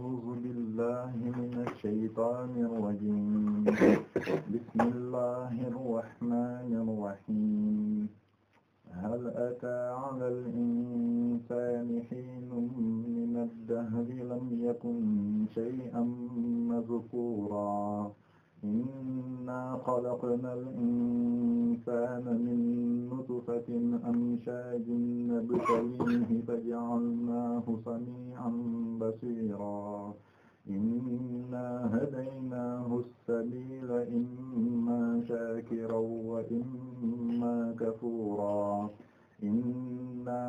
أعوذ بالله من الشيطان الرجيم بسم الله الرحمن الرحيم هل أتى على الإنسان حين من الدهر لم يكن شيئا مذكورا inna xalaqna al insana min nutfatin amshajin nabtalihi faja'alnahu sami'an basira inna hadaynahu as-sabila imma shakiran wa imma kafura inna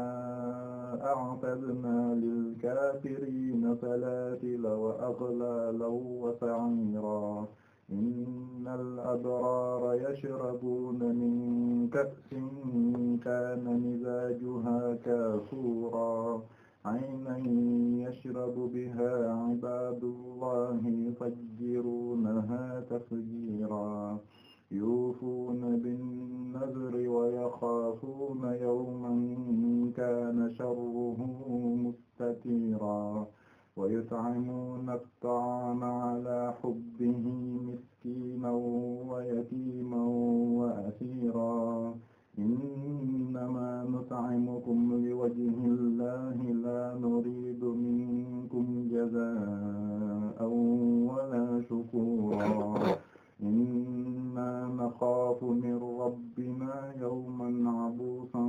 a'tadna lil-kafirina salaatila wa aghlalan wa sa'ira inna al-abraara yashrabuuna min ka'sin kaana mizaajuhaa kaafuuran aynan yashrabu bihaa ibaadullaahi yufajjiruunahaa tafjiiran yuufuuna bin-nadri wa yaxaafuuna yawman kaana sharruhu mustatiiran ويطعمون الطعام على حبه مسكينا ويتيما وأسيرا إنما نطعمكم لوجه الله لا نريد منكم جزاء ولا شكورا إنا نخاف من ربنا يوما عبوسا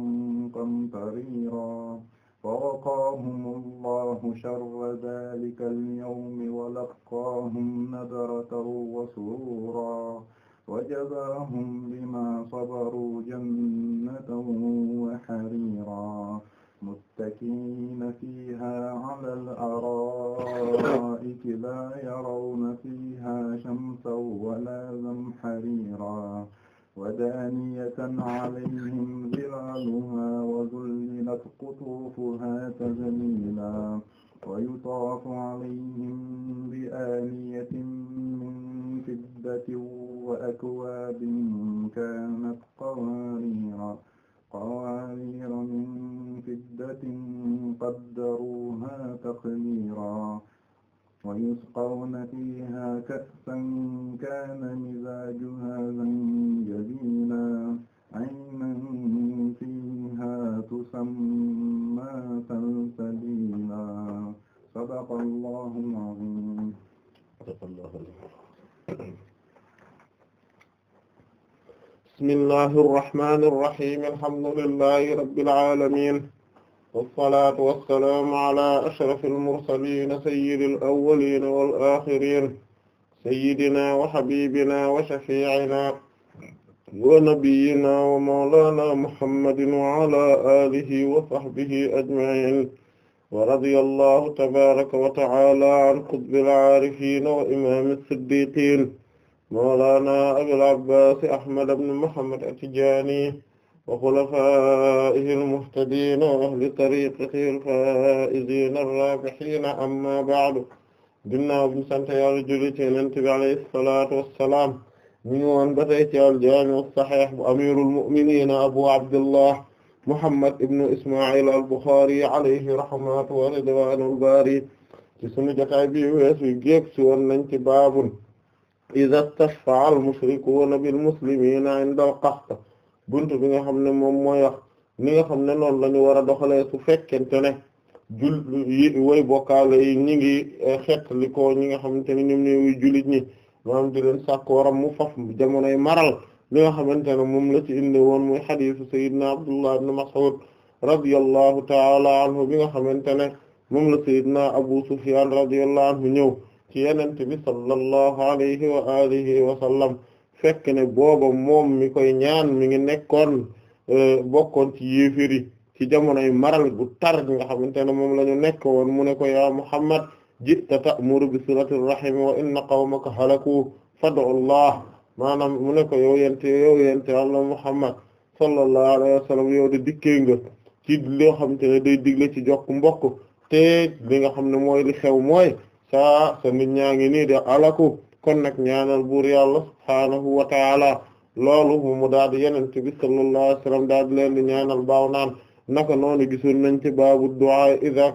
قمطريرا فوقاهم الله شر ذلك اليوم ولقاهم نضرة وسرورا وجزاهم بما صبروا جنة وحريرا متكئين فيها على الأرائك لا يرون فيها شمسا ولا زمهريرا ودانية عليهم ظلالها وذللت قطوفها تذليلا ويطاف عليهم بآنية من فضة وأكواب كانت قوارير قوارير من فضة قدروها تقديرا ويسقون فيها كأسا كان مزاجها زنجبيلا عينا فيها تسمى سلسبيلا صدق الله العظيم صدق الله العظيم بسم الله الرحمن الرحيم الحمد لله رب العالمين والصلاة والسلام على أشرف المرسلين سيد الأولين والآخرين سيدنا وحبيبنا وشفيعنا wa nabiyyina wa mawlana muhammadin wa ala alihi wa sahbihi ajma'in wa radiyallahu tabaraka wa ta'ala an qutbil aarifin wa imam as-siddiqin mawlana abil abbas ahmad ibn muhammad at-tijani wa khulafaa'ihi al-muhtadin wa ahli tariqatihi al-faa'izin ar-raabihin amma ba'du ginnaaw bi ñu sant Yàlla julli ci Yonent bi alayhi salaatu wa salaam ñu ngi woon ba tey ci al-Jaami' as-Sahiih bu amiirul mu'miniin Abu Abdillah Muhammad ibn Ismaa'iil al-Bukhaari alayhi rahmatu wa ridwaanul baari ci sunu jotaay bi weesu géeg si woon nañ ci baabun izaa istashfa'a al-mushrikuuna bil-muslimiina al-qahth buntu bi nga xam ne moom mooy ni nga xam ne noonu la ñu war a doxalee su fekkente ne jul yi way bokkaale yi ñi ngi xeetli ko ñi nga xamante ne ñoom ñooy jullit ñi maanaam di leen sàkkooram mu faf jamonoy maral li nga xamante ne moom la ci indi woon muy xadiisu sayidna abdullah ibn mas'ud radiyallahu taala anhu bi nga xamante ne moom la sayidna abu sufyan radiyallahu anhu ñëw ci yenente bi sallallahu alayhi wa alihi wa sallam fekke ne booba moom mi koy ñaan mi ngi nekkoon euh, bokkoon ci yéefiri ci jamonoy maral bu tar nga xamante ne moom la ñu nekk mu ne ko yaa muhammad ji'ta ta'muru bi silati rahim wa inna qawmaka halaku fad'u Allah maanaam mu ne ko yow yente yow yente Yàlla Muhammad sallallahu alayhi wa sallam yow de dikkee nga ci loo xam te ne day digle ci jokk mbokk te li nga xam ne mooy li xew mooy saa sa nit ñaa ngi nii de alaku kon nag ñaanal buur yàlla subhaanahu wa taala loolu mu daal di yenente bi sallallahu alayhi wa sallam daal di leen di ñaanal baaw naan naka noonu gisoon nañ ci baabu du'a idha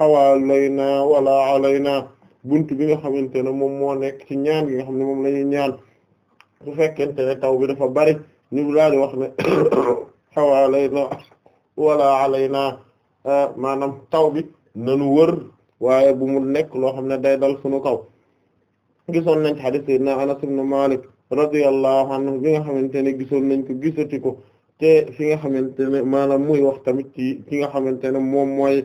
naa wala alayna bunt bi nga xamante ne moom moo nekk ci ñaan gi nga xam moom la ñaan su fekkente ne taw bi dafa bari ñu laa di wax ne xawaalayna wala alayna eh, maanaam taw bi nanu wër waaye bu mu nekk loo xam ne day dal sunu kaw gisoon nañ ci hadith sayyidina Anas ibn Malik radiyallahu anhu nga xamante ne gisoon nañ ko gisati ko te fi nga xamante ne maanaam muy wax tamit ci ki nga xamante ne moom mooy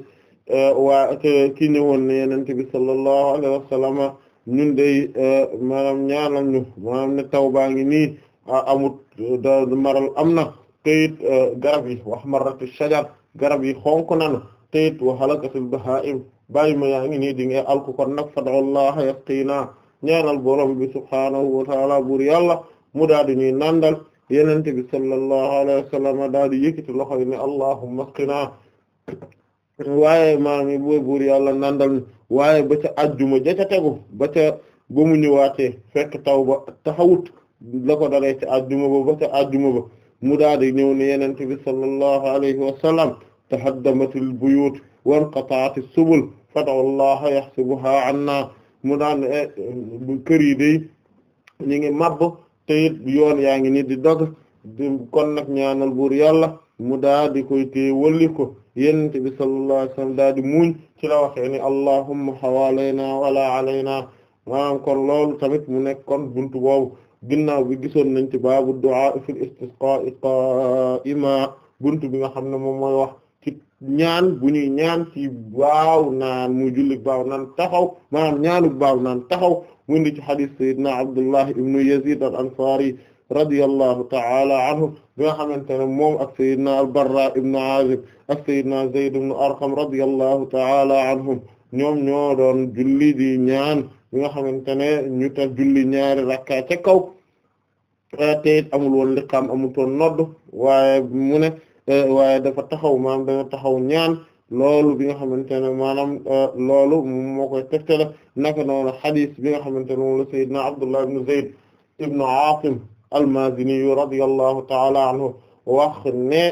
Euh, waa ki ñëwoon ne yenente bi sallallahu alayhi wa sallam ñun day euh, maanaam ñaanal ñu maanaam ne taw baa ngi nii amut da maral am na teyit euh, garab yi wax marratu shajar garab yi xonk nan teyit wa halakatul bahaim bàyyi ma yaa ngi ni di nga alku kon nag fad'ullaha yasqina ñaanal borom bi subhaanahu wa taala buur yàlla mu daa di ñuy nandal yenen bi sallallahu alayhi wa sallam daa di yëkkati loxo yi ne allahumma asqina waaye maam yi booy buur yàlla nandal waaye ba ca ajjuma ja ca tegu ba ca ba mu ñëwaatee fekk taw ba taxawut la ko dalee ca ajjuma ba ba ca ajjuma ba mu daal di ñëw ne yenente bi sallallahu alayhi wa sallam tahaddamatil buyut wanqata'ati subul fadaw allaha yahsibuha anna mu daan eh, kër yi day ñu ngi màbb te yoon yaa ngi ni di dog kon nag ñaanal buur yàlla mu daal di koy téye wëlli yonent bi sallallahu alayhi wa sallam daal di muuñ ci la waxee ni allahumma hawalaynaa wala alaynaa maanaam kon loolu tamit mu nekk kon buntu boobu ginnaaw bi gisoon nañ ci baabu du'a fil istisqaa qaa'iman buntu bi nga xam ne moom mooy wax ci ñaan bu ñuy ñaan ci baaw naan muy julli baaw naan taxaw maanaam ñaanu baaw naan taxaw mu indi ci hadith sayyidina Abdullah ibnu Yazid al-Ansari radiyallahu ta'ala anhu bi nga xamante ne moom ak sayyidina al-Barra ibn Azib ak sayyidina Zayd ibn Arqam radiyallahu ta'ala anhum ñoom ñoo doon julli di ñaan bi nga xamante ne ñu tax julli ñaari rakka ca kaw eh, it amul woon liqaam amul toon nodd waaye mu eh, waaye dafa taxaw maanaam dana taxaw ñaan loolu bi nga xamante ne maanaam eh, loolu moo koy teftale naka xadiis bi nga xamante ne moom la sayyidina Abdullah ibn Zayd ibn Aasim al-Maazini radiyallahu ta'ala anhu wax ne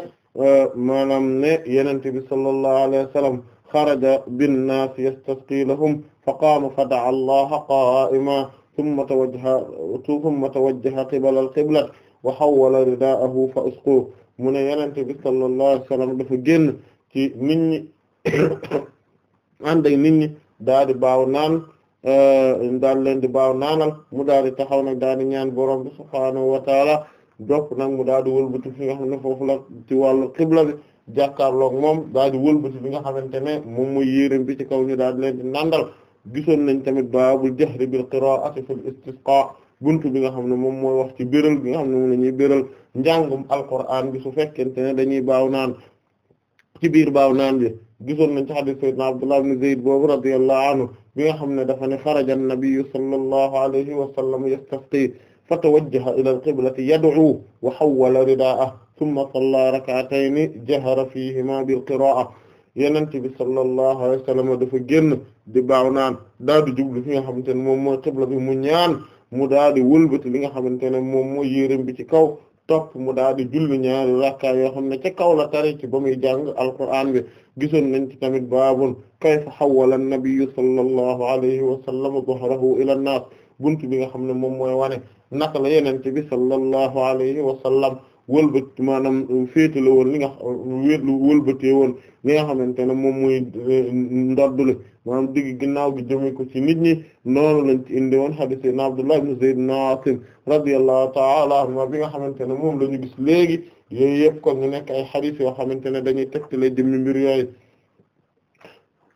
euh, maanaam ne Yonent bi sallallahu alayhi wa sallam xaraja bin-naas yastasqii lahum fa qaama fa da'a Allaha qaa'iman thumma tawajjaha thumma tawajjaha qibala al-qibla wa hawwala ridaa'ahu fa usquu mu ne Yonent bi sallallahu alayhi wa sallam dafa génn ci nit ñi ànd ak nit ñi daal di baaw naan Eh, daal leen di baaw naanal mu daal di taxaw nag daal di ñaan borom bi subhaanahu wa taala nag mu daal di wëlbati fi nga xam ne foofu la ci wàllu xibla bi jàkkaarloog moom daal di wëlbati bi nga xamante ne moom mooy yéeram bi ci kaw ñu daal di leen di nandal gisoon nañ tamit baabul jahri bil qiraa'ati fil istisqaa buntu bi nga xam ne moom mooy wax ci béral bi nga xam ne moom béral njàngum alquraan bi su fekkente ne dañuy baaw naan ci biir baaw naan bi gisoon nañ ci hadith sayyidina Abdullah ibn Zayd boobu radiyallahu anhu bi nga xam ne dafa ne xaraja an-nabiyyu sallallahu alayhi wa sallam yastafti fa tawajjaha ila al-qiblati yad'u wa hawwala ridaa'a thumma salla rak'atayni jahara fiihimaa bil-qiraa'a yonent bi sallallahu alayhi wa sallam dafa génn di baaw naan daal di jublu fi nga xamante ne moom mooy qibla bi mu ñaan mu daal di wëlbati li nga xamante ne moom mooy yéeram bi ci kaw topp mu daal di julli ñaari rakka yoo xam ne ca kaw la tari ci ba muy jàng alquran bi gisoon nañ ci tamit baabun kayfa hawwala an-nabiyyu sallallahu alayhi wa sallam dhahrahu ila an-naas buntu bi nga xam ne moom mooy wane naka la yenente bi sallallahu alayhi wa sallam wëlbati maanaam féetale woon li nga wëlbatee woon li nga xamante ne moom mooy eh, ndoddule maanaam digg ginnaaw gi ko ci nit ñi noonu lañ ci indi woon hadith sayyidina Abdullah ibn Zayd ibn Asim radiyallahu ta'ala anhu nga xamante ne moom la gis léegi yooyu yëpp nekk ay hadith yoo xamante ne dañuy tegtale jëmmi mbir yooyu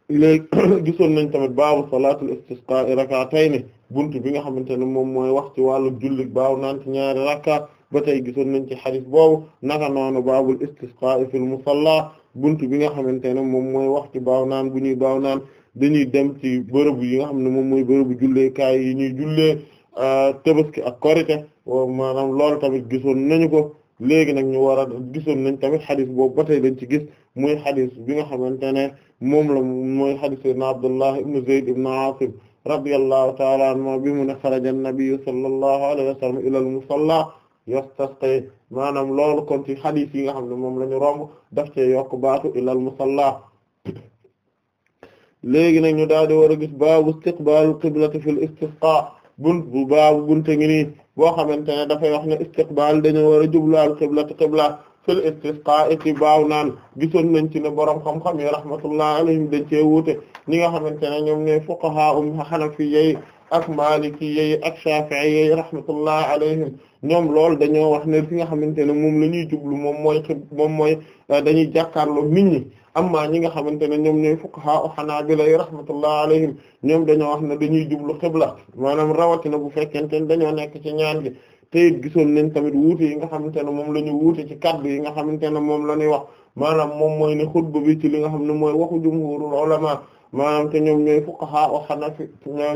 léegi gisoon nañ tamit baabu salaatul istisqa rak'atayni bunt bi nga xamante ne moom mooy wax ci wàllu julli baaw naan ci ñaari rakkaat ba tey gisoon nañ ci hadith boobu naka noonu baabul istisqa fil musalla bunt bi nga xamante ne moom mooy wax ci baaw naan bu ñuy baaw naan dañuy dem ci bërëb yi nga xam ne moom mooy bërëbu julleekaay yi ñuy jullee euh, tabaski ak korite maanaam loolu tamit gisoon nañu ko léegi nag ñu war a gisoon nañ tamit xadis boobu ba tey ci gis muy xadis bi nga xamante ne moom la mooy xadis sayyidina Abdullah ibn Zayd ibn Asim radiyallahu ta'ala anhu bi mu ne xaraja an-nabiyyu sallallahu alayhi wa sallam ila al-musalla yastasqi maanaam loolu kon ci xadis yi nga xam ne moom la ñu romb daf cee yokk baatu ila al-musalla léegi nag ñu daal di war a gis baabu istiqbaalu qiblati fil istisqa bunt bu baabu bunte ngi nii boo xamante ne dafay wax ne istiqbaal dañoo war a jublaal qiblati qibla fil istisqa ci baaw naan gisoon nañ ci ne borom xam-xam yi rahmatullah alayhim dañ cee wuute ñi nga xamante ne ñoom ne fuqaha um hanafi yey ak maliki yey ak shafi'i yey rahmatullah alayhim ñoom loolu dañoo wax ne fi nga xamante ne moom la ñuy jublu moom mooy moom mooy dañuy jàkkaarloo nit ñi amma ñi nga xamante ne ñoom ñooy fuqaha u hanabila yi rahmatullah alayhim ñoom dañoo wax ne dañuy jublu xibla maanaam rawatina bu fekkente ne dañoo nekk ci ñaan gi te it gisoon nañ tamit wuute yi nga xamante ne moom la ñu wuute ci kaddu yi nga xamante ne moom la ñuy wax maanaam moom mooy ne xutba bi ci li nga xam ne mooy waxu jumhurul maa maanaam te ñoom ñooy fuqaha u hanafi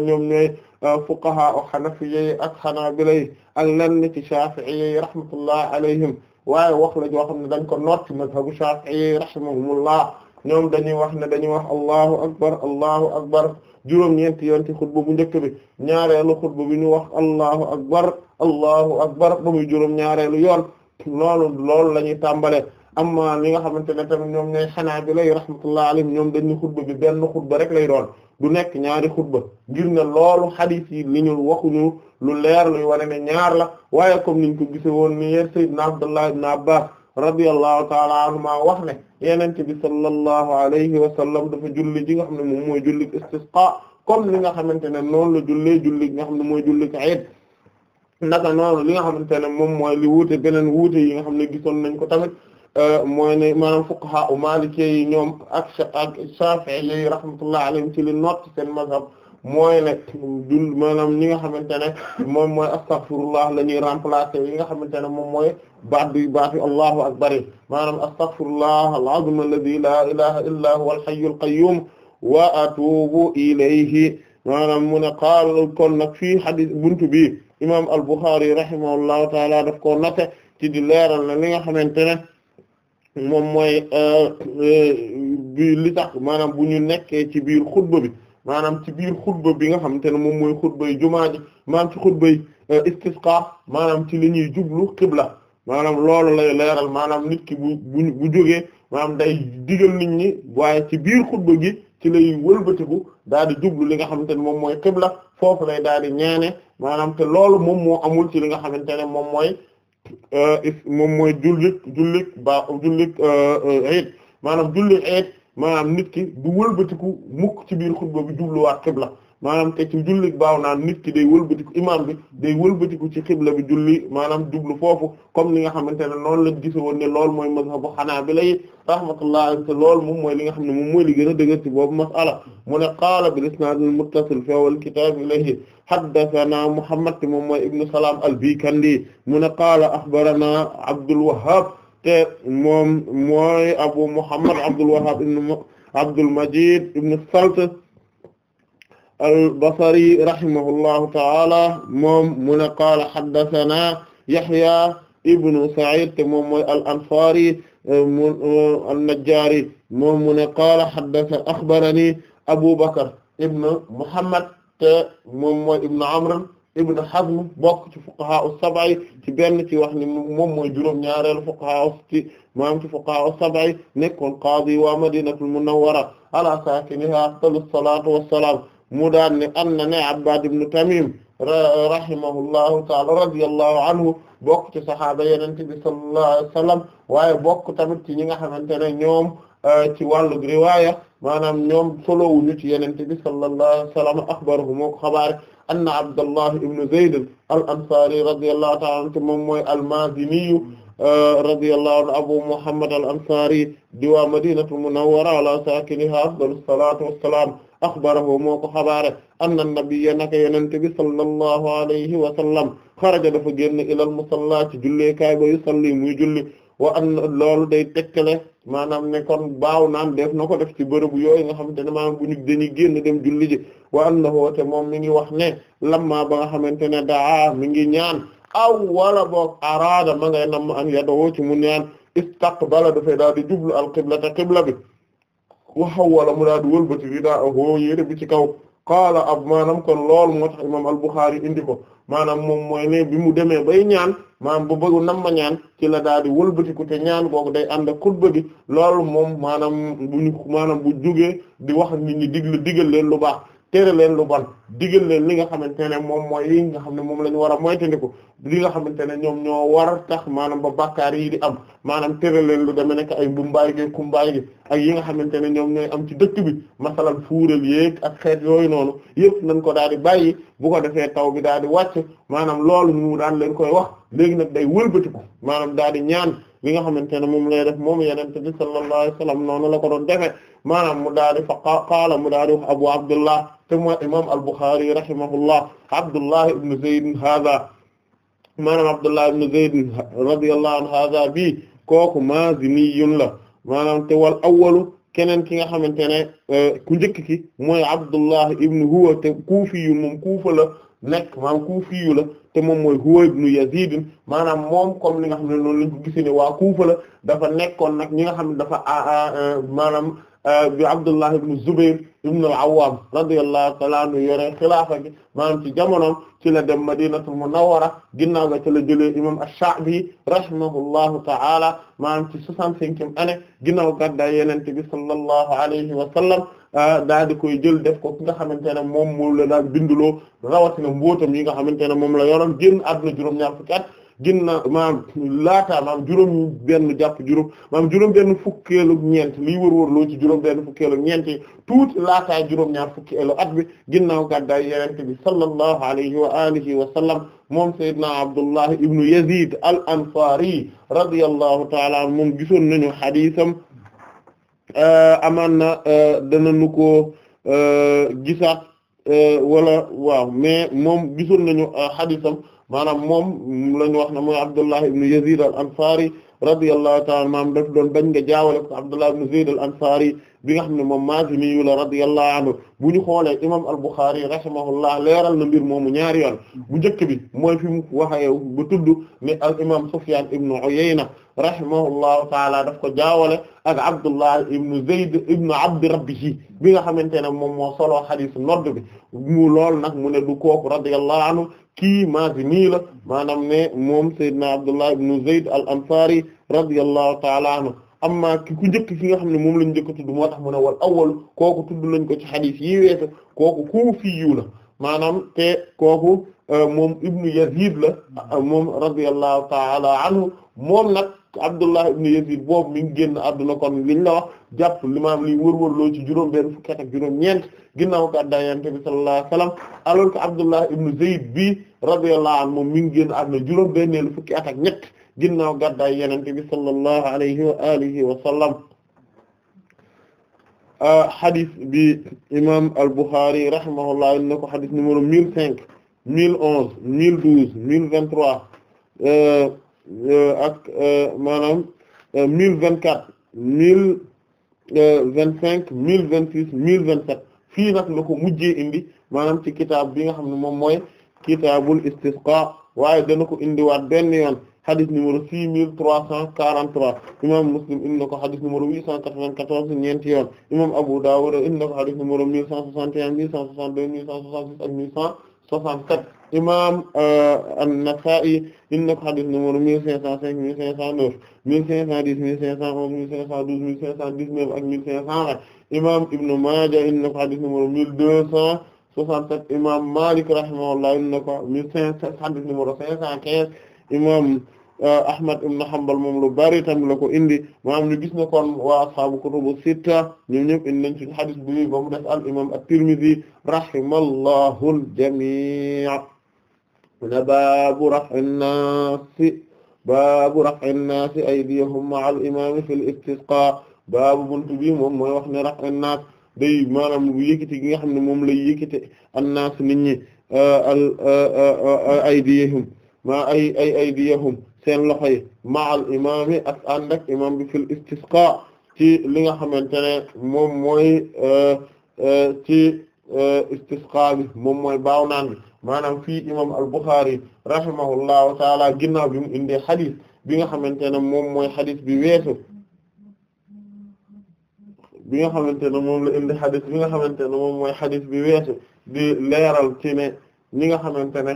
ñoom ñooy uh, fuqaha u hanafi ak hanabila yi ak lenn ci shafi'i yi rahmatullah alayhim waaye wax la joo xam ne dañ ko noot ci mazhabu Shafi'i rahimahumullah ñoom dañuy wax ne dañuy wax allahu akbar allahu akbar juróom-ñeenti yoon ci xutba bu njëkk bi ñaareelu xutba bi ñu wax allahu akbar allahu akbar ba muy juróom-ñaareelu yoon loolu loolu la ñuy tàmbalee amma li nga xamante ne tamit ñoom ñooy xanaabila yi rahmatullah alayhim ñoom dañu xutba bi benn xutba rek lay doon du nekk ñaari xutba ngir ne loolu xadiis yi li ñu waxu ñu lu leer luy wane ne ñaar la waaye comme niñ ko gise woon ni yer sayyidna Abdullah ibn Abbas radiyallahu taala anhuma wax ne yenente bi sallallahu alayhi wa sallam dafa julli ji nga xam ne moom mooy julli istisqa comme li nga xamante ne noonu la jullee julli gi nga xam ne mooy julli ko iid li nga xamante ne moom mooy li wuute beneen wuute yi nga xam ne gisoon nañ ko tamit Euh, mooy ne maanaam fuqaha u maliki yi ñoom ak ak Shafi'i rahmatullah alayhim ci li noot seen mazhab mooy ne dul maanaam ñi nga xamante ne moom mooy astaghfirullah la ñuy remplacer yi nga xamante ne moom mooy baat bi baat bi allahu akbar maanaam astaghfirullah al-azim alladhi la ilaha illa huwa al-hayyul qayyum wa atubu ilayhi maanaam mu ne qaala kon nag fii hadis buntu bi imam al-Bukhari rahimahullahu taala daf ko note ci di leeral na li nga xamante ne moom mooy euh, euh, bi li tax maanaam bu ñu nekkee ci biir xutba bi maanaam ci biir xutba bi nga xamante ne moom mooy xutbay jumaa ji maanaam ci xutbay euh, istisqa maanaam ci li ñuy jublu xibla maanaam loolu lay leeral maanaam nit ki bu bu bu jógee maanaam day digal nit ñi waaye ci biir xutba gi ci lay wëlbatiku daal di jublu li nga xamante ne moom mooy xibla foofu lay daal di ñaane maanaam te loolu moom moo amul ci li nga xamante ne moom mooy Euh, moom mooy jullit jullit ba jullit euh, euh, eid maanaam jullit eid maanaam nit ki du wëlbatiku mukk ci biir xutba bi jubluwaat xibla maanaam te ci julli baaw naan nit ki day wëlbatiku imaam bi day wëlbatiku ci xibla bi julli maanaam jublu foofu comme li nga xamante ne noonu lañ gise woon ne loolu mooy mazhabu xanaabila yi rahmatullah te loolu moom mooy li nga xam ne moom mooy li gën a dëgër ci boobu masala mu ne qaala bil isnaad al muttasil fi awwal kitaab ilayhi haddathana muhammad te moom mooy ibnu salaam al bikandi mu ne qaala axbarana abdul wahhab te moom mooy abu muhammad abdul wahhab ibn abdul majid ibn salt al-Basri rahimahullahu ta'ala moom mu ne qaala haddathana Yahya ibnu Sa'id te moom mooy al-Ansari eh, eh, an-Najjari moom mu ne qaala haddatha akhbarani Abu Bakr ibnu Muhammad te moom mooy ibnu Amr ibnu Hazm bokk ci fuqaha as-sab'a ci benn ci wax ni moom mooy juróom-ñaareelu fuqaha ci maam ci fuqaha as-sab'a nekkoon qaadi wa Madinatul Munawwara ala saakiniha afdalu salaatu wassalaam mu daan ne anna ne Abbad ibn Tamim rahimahullahu taala radiyallahu anhu bokk ci saxaaba Yonent bi sallallahu alayhi wa sallam waaye bokk tamit ci ñi nga xamante ne ñoom euh, ci wàllu riwaaya maanaam ñoom solowuñu ci Yonent bi sallallahu alayhi wa sallam axbarahu moo ko xabaare anna Abdallah ibn Zayd al-Ansari radiyallahu taala anhu moom mooy al-Mazini euh, radiyallahu anhu Abu Muhammad al-Ansari di waa Madinatul Munawwara ala saakinihaa afdalu salaatu wassalaam axbarahu moo ko xabaare anna nabiyya naka yenente bi sallallahu alayhi wa sallam xaraja dafa génn ilal musalla ci julleekaay ba yusalli muy julli wa an loolu day tekkale maanaam ne kon baaw naan def na ko def ci bërëbu yooyu nga xamante ne maanaam bu ñu dañuy génn dem julli ji wa an na woote moom mi ngi wax ne lamma ba nga xamante ne daa mi ngi ñaan aw wala boog araada ma ngay nam an ci mu ñaan istaqbala dafay daal di jublu al qibla te qibla bi wa hawwala mu daal di wëlbati ridaahu yére bi ci kaw qaala ab maanaam kon loolu moo tax imaam al-Bukhari indi ko maanaam moom mooy ne bi mu demee bay ñaan maanaam ba bëggu nam ma ñaan ci la daal di wëlbati te ñaan googu day ànd ak xutba loolu moom maanaam bu ñu maanaam bu jógee di wax ni ñi diglu digal leen lu baax tere leen lu bon digal leen li nga xamante ne moom mooy li nga xam ne moom la ñu war a moytandiku li nga xamante ne ñoom ñoo war tax maanaam ba bakkaar yi di am maanaam tere leen lu deme nekk ay mbumbaay gi kumbaay ak yi nga xamante ne ñoom ñooy am ci dëkk bi masalan fuural yéeg ak xeet yooyu noonu nañ ko daal di bàyyi bu ko defee taw bi daal di wàcc maanaam loolu ñu daan leen koy wax léegi nag day wëlbatiku maanaam daal di ñaan bi nga xamante ne moom lay def moom yenente bi sallallahu alayhi wa sallam la ko doon defee maanaam mu daal di fa qaala mu daal di wax abu abdullah te mooy imam al-Bukhari rahimahullah abdullah ibn zayd hadha maanaam abdullah ibn zayd radiyallahu anhu hadha bi kooku maziniyun la maanaam te wal awwalu keneen ki nga xamante ne euh, ku njëkk ki mooy abdullah ibn huwa kuufi yu moom la nekk maanaam kuufi la te moom mooy Huwa ibnu Yazid maanaam moom kom ni nga xam ne noonu lañ ko gisee ne waa Kufa la dafa nekkoon nag ñi nga xam ne dafa ah, ah, ah, maanaam bi Abdullah ibnu Zubayr ibn al-Awwam radiyallahu ta'ala anhu yore xilaafa gi maanaam ci jamonoom ci la dem Madinatul Munawwara ginnaaw ga ci la jëlee imam ash-Sha'bi rahimahullahu ta'ala maanaam ci soixante-cinquième année ginnaaw gàddaay Yonent bi sallallahu alayhi wa sallam ah, daal di koy jël def ko ki nga xamante ne moom moom la daal binduloo rawatina mbootam yi nga xamante ne moom la yoroon génn àdduna juróom-ñaar fukki at ginnaaw maanaam laataa maanaam juróom benn jàpp juróom maanaam juróom benn fukkeelu ñeent liy wër-wër loo ci juróom benn fukkeelu ñeent yi tuuti laataa juróom ñaar fukkeelu at bi ginnaaw gàddaay yonent bi sallallahu alayhi wa alihi wa sallam moom Seydina Abdullah ibnu Yazid al Ansari radiyallahu ta'ala moom gisoon nañu xadiisam euh, amaan na euh, danañu ko euh, gisaat wala waaw mais moom gisoon nañu xadiisam maanaam moom lañu wax ne mooy Abdullah ibn Yazid al-Ansari radiyallahu ta'ala maam daf doon bañ nga jaawale ko Abdullah ibn Zayd al-Ansari bi nga xam ne moom Maazini yu la radiyallahu anhu bu ñu xoolee imam al-Bukhari rahimahullah leeral na mbir moomu ñaari yoon bu njëkk bi mooy fi mu waxee bu tudd ne al imam Sufyan ibn Uyayna rahimahullahu taala daf ko jaawale ak Abdullah ibn Zayd ibn Abd Rabbihi bi nga xamante ne moom moo solo xadiis nodd bi mu lool nag mu ne du kooku radiyallahu anhu kii Maazini la maanaam ne moom Seydina Abdullah ibn Zayd al-Ansari radiyallahu ta'ala anhu amma ki ku njëkk ki nga xam ne moom lañ njëkk tudd moo tax mu ne wal awwal kooku tudd nañ ko ci xadis yi weesu kooku kuufiyyu la maanaam te kooku euh, moom ibnu Yazid la moom radiyallahu ta'ala anhu moom nag Abdullah ibnu Yazid boobu mi ngi génn àdduna kon liñ la wax jàpp limaam liy wër-wër loo ci juróom benn fukki at ak juróom ñeent ginnaaw gàddaay Yonent bi sallallahu alayhi wasallam alors que Abdullah ibnu Zayd bi radiyallahu anhu moom mi ngi génn àdduna juróom benneelu fukki at ñett ginnaaw gàddaay yenente bi sallallahu alayhi wa alihi wa sallam ah, bi imam al-Bukhari rahimahullah ko hadith numéro mille cinq mille onze mille douze mille vingt-trois euh, euh, ak euh, maanaam mille vingt-quatre mille vingt-cinq mille vingt-six mille vingt-sept fii nag la ko mujjee indi maanaam ci kitaab bi nga xam ne moom mooy kitaabul istisqa waaye dana ko indiwaat benn yoon xadis numéro six mille trois cent quarante trois imam Muslim indi na ko xadis numéro huit cent quatre-vingt-quatorze ñeenti yoon imam Abu Dawud indi na ko xadis numéro mille cent soixante et un mille cent soixante-deux mille cent soixante-six ak mille cent soixante-sept imam euh, An-Nasa'i indi na ko xadis numéro mille cinq cent cinq mille cinq cent neuf mille cinq cent dix mille cinq cent onze mille cinq cent douze mille cinq cent dix-neuf ak mille cinq cent vingt imam Ibn Maaja indi na ko xadis numéro mille deux cent soixante-sept imam Malik rahimahullah indi na ko mille cinq cent xadis numéro cinq cent quinze imam euh, Ahmad ibn Hanbal moom lu bari tam la ko indi maanaam ñu gis ne kon waa ashaabu kutubu sitta ñoom ñëpp indi nañ ci hadith bi ba mu def al imam at-Tirmidhi rahimallahu al-jamii' na baabu raf'i nnaasi baabu raf'i nnaasi aydiyahum ma'a al-imaam fi al-istisqaa baabu bi moom mooy wax ne raf'i nnaas day maanaam yëkkati xam ne moom lay yëkkati an-naas nit ñi euh, al euh, ma ay ay aydiyahum seen loxo yi ma al imaami ak ànd ak imaam bi fil istisqa ci li nga xamante ne moom mooy euh, euh, ci euh, istisqa bi moom mooy baaw naan bi maanaam fii imaam al Bukhari rahimahullahu taala ginnaaw bi mu indee xadis bi nga xamante ne moom mooy xadis bi weesu bi nga xamante ne moom la indi xadis bi nga xamante ne moom mooy xadis bi weesu bi leeral ci li nga xamante ne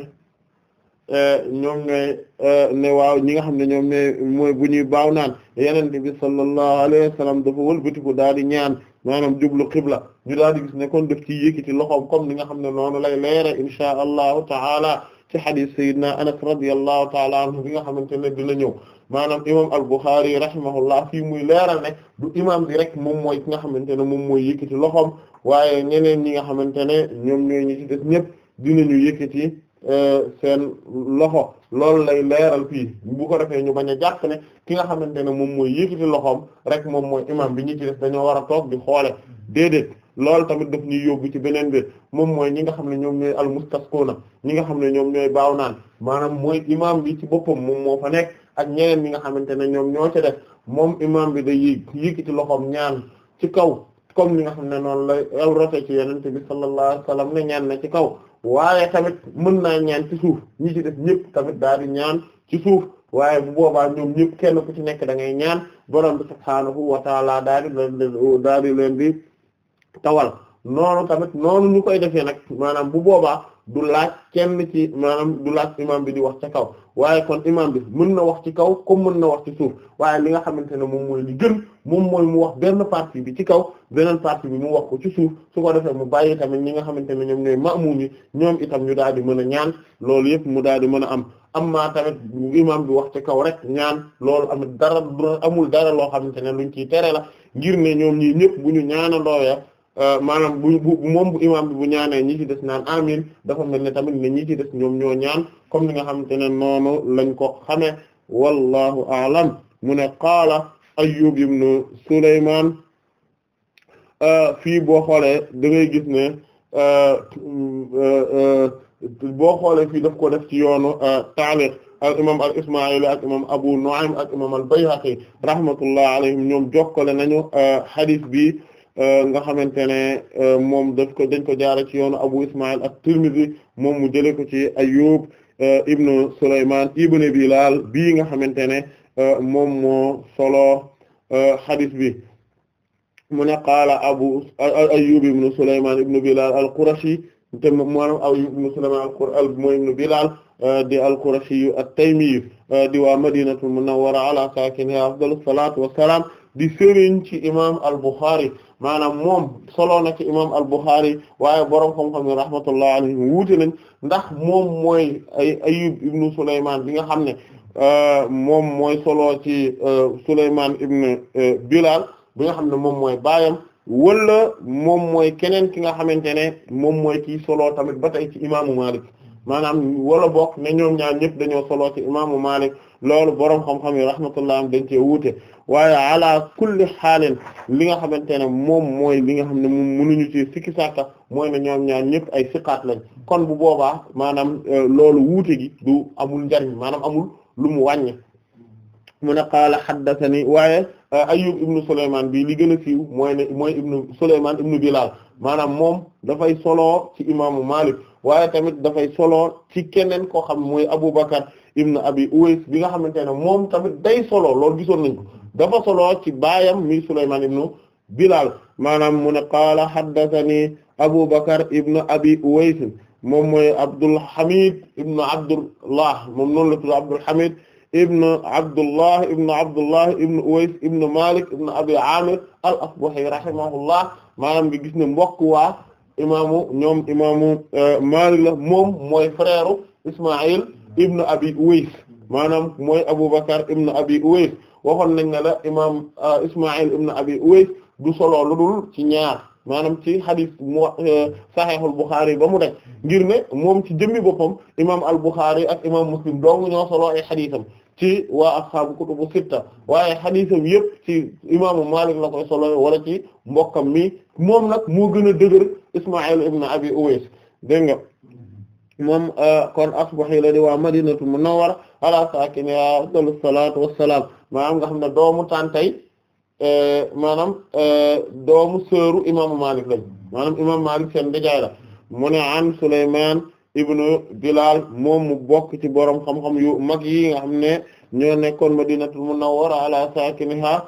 E, ñoom ñooy e, ne waaw ñi nga xam ne ñoom ñooy mooy bu ñuy baaw naan yeneen bi sallallahu alayhi wa sallam dafa wëlbatiku daal di ñaan maanaam jublu qibla ñu daal di gis ne kon daf ci yëkkati loxoom comme ni nga xam ne noonu lay leere insha allahu taala ci hadith sayyidina anas radiyallahu taala anhu bi nga xamante ne dina ñëw maanaam imam al-Bukhari rahimahullah fii muy leeral ne du imam bi rek moom mooy ki nga xamante ne moom mooy yëkkati loxoom waaye ñeneen ñi nga xamante ne ñoom ñooy ñi ci des ñëpp dinañu yëkkati Euh, seen loxo loolu lay leeral fii bu ko defee ñu bañ a jàpp ne ki nga xamante ne moom mooy yëkkati loxoom rek moom mooy imam bi ñu ci def dañoo war a toog di xoole déedéet loolu tamit daf ñuy yóbbu ci beneen bi moom mooy ñi nga xam ne ñoom ñooy almustasquna ñi nga xam ne ñoom ñooy baaw naan maanaam mooy imam bi ci boppam moom moo fa nekk ak ñeneen ñi nga xamante ne ñoom ñoo ci def moom imam bi day yëkkati loxoom ñaan ci kaw comme ni nga xam ne noonu lay rote ci yenente bi sallallahu alayhi wasallam ne ñaan na ci kaw waaye tamit mën naa ñaan ci suuf ñi ci def ñëpp tamit daal di ñaan ci suuf waaye bu boobaa ñoom ñëpp kenn ku ci nekk da ngay ñaan borom bi subhaanahu wa taala daal di leen daal di leen di tawal noonu tamit noonu ñu koy defee nag maanaam bu boobaa du laaj kenn ci maanaam du laaj imam bi di wax ca kaw waaye kon imam bi mën na wax ci kaw comme mën na wax ci suuf waaye li nga xamante ne moom mooy li gën moom mooy mu wax benn partie bi ci kaw beneen partie bi mu wax ko ci suuf su ko defee mu bàyyi tamit ñi nga xamante ne ñoom ñooy maamum ñu ñoom itam ñu daal di mën a ñaan loolu yëpp mu daal di mën a am am amma tamit imam bi wax ci kaw rek ñaan loolu amul dara amul dara loo xamante ne luñ ciy tere la ngir ne ñoom ñii ñëpp bu ñu Euh, maanaam bu bu moom bu imaam bi bu ñaanee ñi ci des naan amin dafa mel ne tamit ne ñi ci des ñoom ñoo ñaan comme ni nga xamante ne noonu lañ ko xamee wallahu aalam mu ne qaala Ayyub ibn Sulaymaan euh, fii boo xoolee da gis ne euh, boo xoolee fii daf ko def ci yoonu taaliq al imam al ismaili ak imam Abu Nu'aym ak imam al Bayhaqi rahmatullah alayhim ñoom jokkale nañu hadith bi Euh, nga xamante ne euh, moom def ko dañ ko jaara ci yoonu Abu Ismaïl at moom mu jëlee ko ci Ayyub euh, ibnu Sulaymaan ibnu Bilaal bii nga xamante ne moom moo solo hadith bi mu ne qaala Abu Ayyub ibnu Sulaymaan ibnu Bilaal al-Qurashi te maanaam Ayyub ibnu Sulaymaan al mooy ibnu Bilaal di al-Qurashi at-Taymi di waa Madinatul Munawwara ala saakinihaa afdalu salaatu wa salaam di sëriñ ci imam al-Bukhari maanaam moom solo na ci imam al-Bukhari waaye borom xam-xam yi rahmatullah alayhi wuute nañ ndax moom mooy ay Ayyub ibnu Sulaymaan bi nga xam ne euh, moom mooy solo ci euh, Sulaymaan ibnu euh, Bilal bi nga xam ne moom mooy baayam walla moom mooy keneen ki nga xamante ne moom mooy kii solo tamit ba tey ci imaamu Maalik maanaam wala bokk ne ñoom ñaar ñëpp dañoo solo ci imaamu Maalik loolu borom xam-xam yi am dañ cee wuute waaye ala kulli xaalin li nga xamante ne moom mooy li nga xam ne moom mënuñu ci sikki sàkka mooy ne ñoom ñaar ñëpp ay siqaat lañ kon bu boobaa maanaam euh, loolu wuute gi du amul njariñ maanaam amul lu mu wàññi mu ne qaala waaye euh, Ayyub ibnu Sulaymaan bi li gën a siiw mooy mooy ibnu Sulaymaan ibnu Bilaal maanaam moom dafay solo ci imaamu Maalik waaye tamit dafay solo ci keneen koo xam mooy Abu Bakar ibnu Abi Uways bi nga xamante ne moom tamit day solo loolu gisoon nañ ko dafa solo ci baayam mi Sulaymaan ibnu Bilaal maanaam mu ne qaala haddathani Abu Bakr ibnu Abi Uways moom mooy Abdul Hamid ibnu Abdullah moom noonu la tudd Abdul Hamid ibnu Abdullah ibnu Abdullah ibnu Uways ibnu Malik ibnu Abi Amir al-Asbahi rahimahullah maanaam nga gis ne mbokk waa imaamu ñoom imaamu eh, Malik la moom mooy frère Ismaïl ibnu Abi Uways maanaam mooy Abu Bakr ibnu Abi Uways waxoon nañ ne la imaam euh, Isma'il ibn Abi Uways du solo lu dul ci ñaar maanaam ci hadith mu euh, Sahihul Bukhari ba mu daj ngir ne moom ci jëmmi boppam imaam al Bukhari ak imaam Muslim dong ñoo solo ay haditham ci waa ashaabu kutubu sitta waaye haditham yëpp ci imaamu Malik la koy solo wala ci mbokkam mi moom nag moo gën a dëgër Isma'il ibn Abi Uways dégg moom euh, kon asbahi di waa Madinatu Munawwara ala saakinihaa afdalu salaatu wassalaam maanaam nga xam ne doomu tantay eh, maanaam eh, doomu sëru imaamu Maalik lañ maanaam imaamu Maalik seen dajaay la mu ne an Sulaymaan ibnu Bilaal moom mu bokk ci borom xam-xam yu mag yi nga xam ne ñoo nekkoon Madinatul Munawwara ala saakinihaa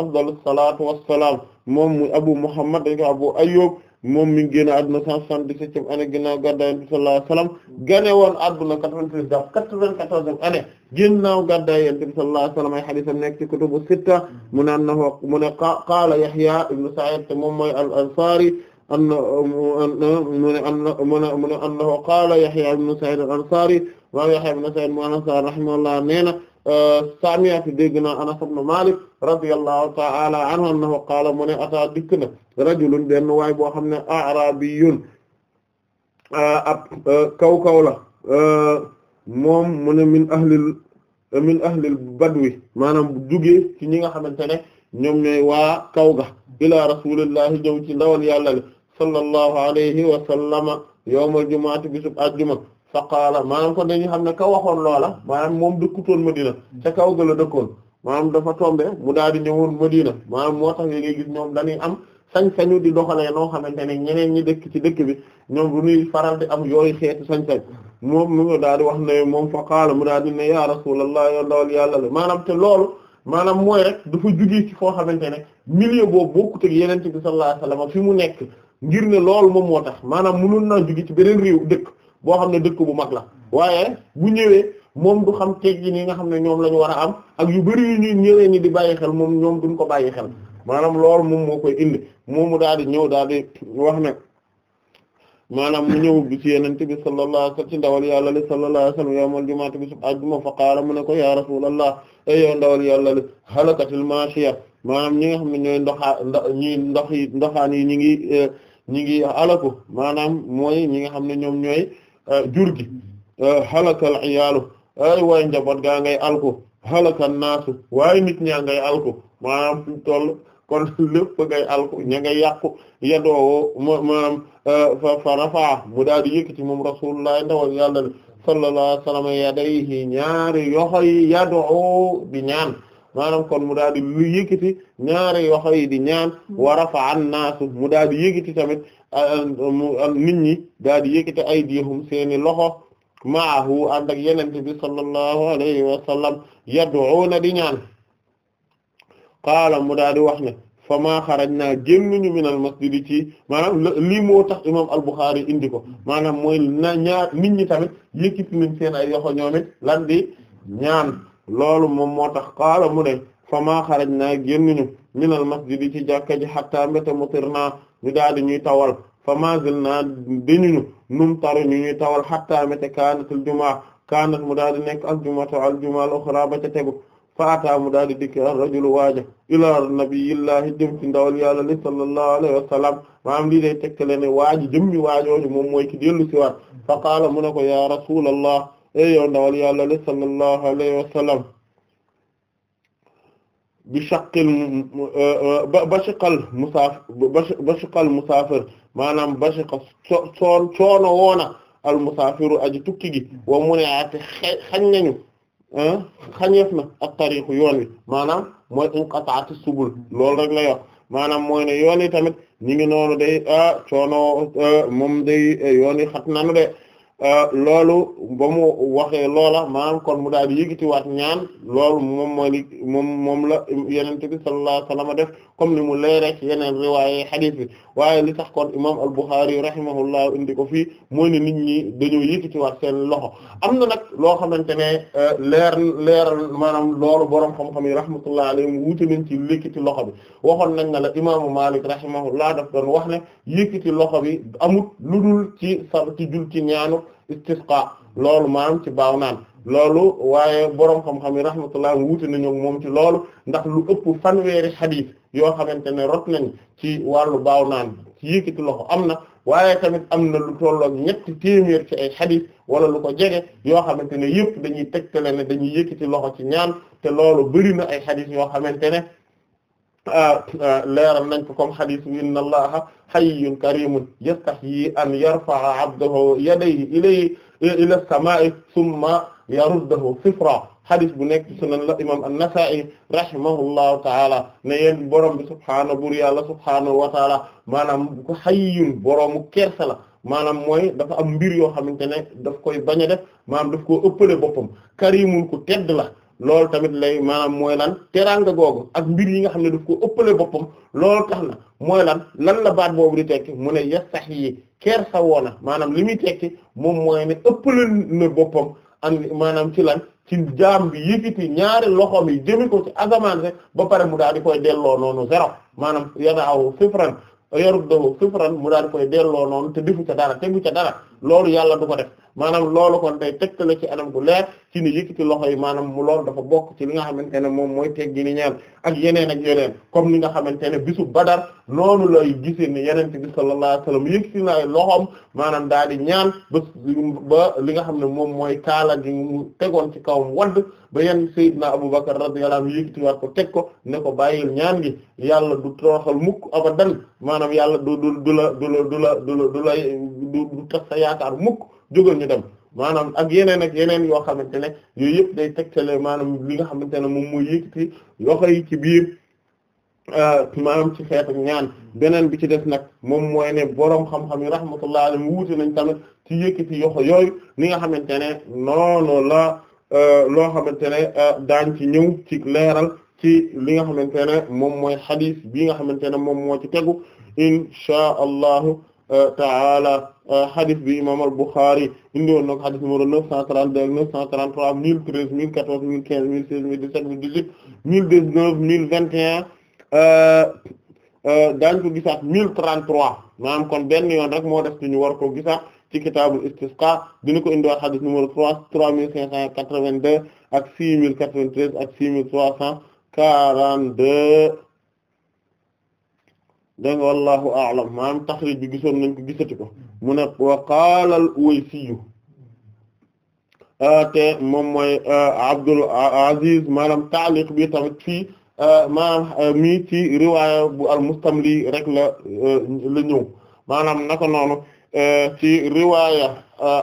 afdalu salaatu wassalaam moom mu Abu Muhammad dañ ko Abu Ayyub moom mi ngi génn àdduna 177 année ginnaaw gàddaay Yonent bi sallallahu alayhi wa sallam gane woon àdduna 93 jàpp 94 année ginnaaw gàddaay Yonent bi sallallahu alayhi wa sallam ay hadiisam nekk ci kutubu sitta mu ne annahu mu ne qaala Yahya ibn Sa'id te moom mooy al-Ansari anna mu ne anna mu ne mu ne annahu qaala Yahya ibn Sa'id al-Ansari wa Yahya ibn Sa'id mu Ansari rahimahullah nee na sami'tu dégg naa Anas ibn Malik radiyallahu ta'ala anhu annahu qaala mu ne ata dikk na rajulun benn waay boo xam ne arabiyun ab kaw kaw la moom mu ne min ahlil min ahlil badwi maanaam jugee ci ñi nga xamante ne ñoom ñooy waa kaw ga ila rasulillahi jëw ci ndawal yàlla li sallallahu alayhi wa sallama yawmal jumu'ati bisub ajjuma fa qaala maanaam kon dañuy xam ne kaw waxoon loola maanaam moom dëkkutoon Madina ca kaw ga a dëkkoon maanaam dafa tombé mu daal di ñëwoon Madina maanaam moo tax ngay gis ñoom dañuy am sañ-sañu di doxalee noo xamante ne ñeneen ñi dëkk ci dëkk bi ñoom du ñuy faral di am yooyu xeetu sañ-sañ moom mu nga daal di wax ne moom fa mu daal di ne ya Rasulullah yow ndawal yàlla la maanaam te loolu maanaam mooy rek dafa jugee ci foo xamante ne milieu boobu bokkut ak Yonent bi sallallahu alayhi wasallam fi mu nekk ngir ne loolu moom moo tax maanaam mënoon naa jugee ci beneen réew dëkk boo xam ne dëkk bu mag la waaye bu ñëwee moom du xam teggin yi nga xam ne ñoom la ñu war a am ak yu bari yu ñëwee ñi di bàyyi xel moom ñoom duñ ko bàyyi xel maanaam loolu moom moo koy indi moom daal di ñëw daal di wax ne maanaam mu ñëw bi ci yenente bi sallallahu alayhi wasallam ci ndawal yàlla li sallallahu alayhi wasallam yawmal jumaati bi sub ajjuma fa qaala mu ne ko ya rasulallah ay yow ndawal yàlla li halakatil maashiya maanaam ñi nga xam ne ndoxaa nda ñi ndox yi ndoxaan yi ñi ngi eh, ñi ngi alaku maanaam mooy ñi nga xam ne ñoom ñooy jur gi xalakal eh, iyaalu ay waaye njaboot gaa ngay alku xalakal naasu waaye nit ñaa ngay alku maanaam fi toll kon lépp ngay alku ña ngay yàqu yadoowo maanaam eh, fa rafaa mu daal di yëkkati moom rasulullah ndawal yàlla sallallahu ñaari yoxoy yadoo di ñaan maanaam kon mu daal di lu yëkkati ñaari yoxo yi di ñaan hmm. wa rafa'a an mu daal di yëkkati tamit uh, uh, nit ñi daal di yëkkati aydihum seeni loxo maahu ànd ak yeneen bi sallallahu alayhi wa sallam di ñaan qaala mu daal di wax ne fama xarajna génnuñu minal masjid ci maanaam lii tax imaam al-Bukhari ko maanaam mooy na ñaar nit ñi tamit yëkkati seen ay yoxo ñoom it lan ñaan loolu moom moo tax qaala mu ne fama xarajnaa génnuñu minal masjidi ci jàkka ji hatta mbéta mutirna ñu daal di ñuy tawal fama zilnaa dañuñu num taru ñu ñuy tawal hatta mbéta kaanatul jumaa kaanat mu daal di nekk aljumatu aljuma al uxra ba ca tegu fa ataa mu daal di dikk ar rajulu waaja ila nabiyillahi jëm ci ndawal yàlla li sallallahu alayhi wa sallam maanaam lii day tegtale ne waaji jëmmi waajooju moom mooy ki dellu si fa qaala mu ko ya rasulallah ey yow ndawal yàlla li sallallahu alayhi wa sallam bi shaqil ba shiqal musaafir ba maanaam ba shiqa soon coono woona al musaafiru aji tukki gi wa mu ne ate xañ nañu ah, xañeef na ak tariixu yoon wi maanaam mooy inqataati subul loolu rek la yox maanaam mooy ne tamit ñu ngi noonu day ah, coono ah, moom day yoon yi xat Euh, loolu ba mu waxee loola maanaam kon mu daal di yëgitiwaat ñaan lool moom mooy li moom moom la yenente bi sallallahu alayhi wasallam def comme ni mu leere ci yeneen riwaaye xadiis bi waaye li tax kon imaam al-Bukhari rahimahullah indi ko fii mooy ne nit ñi dañoo yëkkatiwaat seen loxo am na nag loo xamante ne euh, leer leeral maanaam loolu borom xam-xam yi rahmatullah alayhim wuute nañ ci yëkkati loxo bi waxoon nañ ne la imaamu Maalik rahimahullah daf doon wax ne yëkkati loxo bi amut lu dul ci sa ci jul ci ñaanu istisqa loolu maanaam ci baaw naan loolu waaye borom xam-xam yi rahmatullah wuute nañu moom ci loolu ndax lu ëpp fanweeri xadiis yoo xamante ne rot nañ ci wàllu baaw naan ci yëkkati loxo am na waaye tamit am na lu tolloog ñetti téeméer ci ay xadis wala luko ko jege yoo xamante ne yëpp dañuy tegtale ne dañuy yëkkati loxo ci ñaan te loolu bari na ay xadis yoo xamante ne ah, ah, leeral nañ ko comme xadis bi inna allaha hayyun karimun yastahyi an yarfa'a abdahu yadayhi ilayhi ila as-sama'i thumma yaruddahu sifra xadis bu nekk sunan la imam an-Nasa'i rahimahullahu taala ne yéen borom bi subhaana bur yàlla subhaanahu wa taala maanaam ko boroomu kersa la maanaam mooy dafa am mbir yoo xamante ne daf koy bañ a def maanaam daf koo ëppale boppam karimun ku tedd la loolu tamit lay maanaam mooy lan teraanga googu ak mbir yi nga xam ne daf ko ëppale boppam loolu tax na mooy lan lan la baat boobu di tekki mu ne yastax yi kersa woona maanaam li muy tekki moom mooy ne ëppale na boppam am maanaam ci lan ci jaam bi yëkkati ñaari loxo yi jëmi ko ci asamaan se ba pare mu daal di koy delloo noonu zéro maanaam yadaahu sifran yaruddahu sifran mu daal di koy loo noonu te defu ca dara tegu ca dara loolu yàlla du ko def maanaam loolu kon teg te tegtale ci anam gu leer ci ni yëkkati loxo yi maanaam mu loolu dafa bokk ci li nga xamante ne moom mooy teggini ñaan ak yeneen ak yeneen comme ni nga xamante ne bisu Badar noonu lay gisee ni yeneen bi sallallahu alayhi wasallam yëkkati na ay loxoom maanaam daal di ñaan ba ba li nga xam ne moom mooy kaala gi mu tegoon ci kawam wadd ba yenn Seydina Abubakar radiyallahu anhu yëkkati waat ko teg ko ne ko bàyyil ñaan gi yàlla du toroxal mukk abadan maanaam yàlla du du du la du la du la du la du sa yaakaar mukk jógal ñu dem maanaam ak yeneen ak yeneen yoo xamante ne yooyu yëpp day tegtale maanaam li nga xamante ne moom mooy yëkkati loxo yi ci biir euh, maanaam ci xeet ñaan beneen bi ci des nag moom mooy ne boroom xam-xam yi rahmatullah alayhi wuute nañ tamit ci yëkkati yoxo yooyu li nga xamante ne noonu la euh, loo xamante ne euh, daañ ci ñëw ci leeral ci li nga xamante ne moom mooy xadiis bi nga xamante ne moom moo ci tegu insha allahu taala euh, hadith bi imam al-Bukhari indi woon nag hadith numéro 932 ak 933 1013 1014 1015 1016 vingt 1019 1021 euh, euh, daañu ko gisaat 1033 maanaam kon benn yoon rek moo def ci ñu war ko gisaat ci kitaabul istisqa dina ko indiwaat hadith numéro 3 3582 ak 6093 ak 6342 dégg nga wallahu a'lam maanaam taxrij bi gisoon nañ ko gisati ko mu ne wa qaala al-Uwaysiyu ah, te moom mooy ah, Abdul Aziz maanaam taaliq bi tamit fii ah, maanaam mii ci riwaaya bu al-Mustamli rek la la ñëw maanaam naka noonu ci riwaaya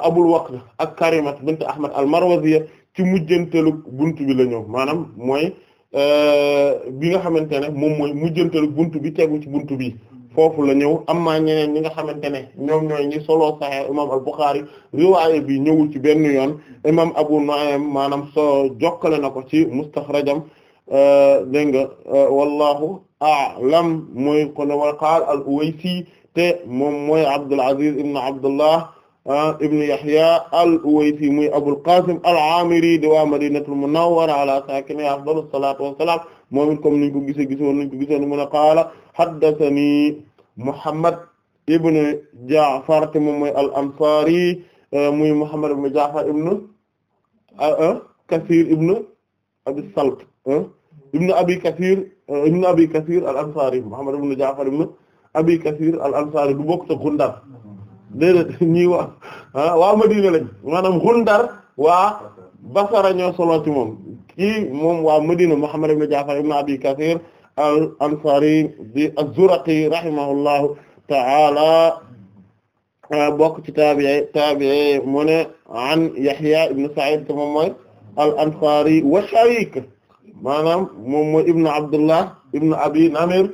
Abul Waqt ak Karimat bint Ahmad al-Marwaziyya ci mujjantelu buntu bi la ñëw maanaam mooy bi nga xamante ne moom mooy mujjantal buntu bi tegu ci buntu bi foofu la ñëw amma ñeneen ñi nga xamante ne ñoom ñooy ñi solo Sahih imam al-Bukhari riwaaya bi ñëwul ci benn yoon imam Abu Nu'aym maanaam soo jokkale na ko ci mustaxrajam euh, dégg nga euh, wallahu a'lam mooy kon wala qaal al-Uwaysi te moom mooy Abdul Aziz ibn Abdullah Ah, ibn Yahya al-Uwaysi muy Abul Qasim al-Amiri di waa Madinatul Munawwara ala saakinihaa afdalu salaatu wa salaam moom it comme niñ ko gisee gisoo nañ ko gisee mu ne qaala haddathanii Muhammad ibn Ja'far te moom mooy al-Ansaari eh, muy Muhammad ibn Ja'far ibn eh, eh, Kathir ibn Abi Salt ibn Abi Kathir ibn Abi Kathir al-Ansaari Muhammad ibn Ja'far ibn Abi Kathir al-Ansaari du bokk te Gundar déedéet ñii waa ah, waa Madina lañ maanaam Gundar waa Basra ñoo solo ci moom kii moom waa Madina Muhammad ibn Ja'far ibn Abi Kathir al ansari di az-Zuraqi rahimahullahu ta'ala ah, bokk ci taabi'i taabi'i mu ne an Yahya ibn Sa'id te moom mooy al ansari wa sharik maanaam moom mooy ibn Abdullah ibn Abi Namir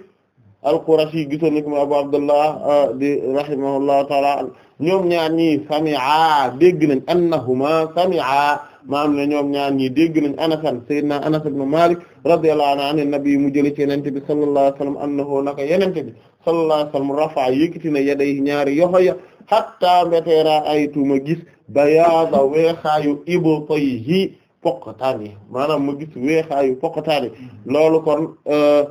al-Qurashi gisoon nañu Abu Abdullah ah, di rahimahullahu ta'ala ñoom ñaar ñii sami'a dégg nañ annahuma sami'a maam na ñoom ñaar ñii dégg nañ anasan sayyidina Anas ibn Malik radiyallahu anhu an-nabi mu jëli ci yenente bi sallallahu alayhi wasallam annahu naka yenente bi sallallahu alayhi na yadayhi ñaari yoxo ya hatta mbeteera aytuma gis bayaada weexaayu ibtayhi poqataani maanaam ma gis weexaayu poqataani loolu kon ah,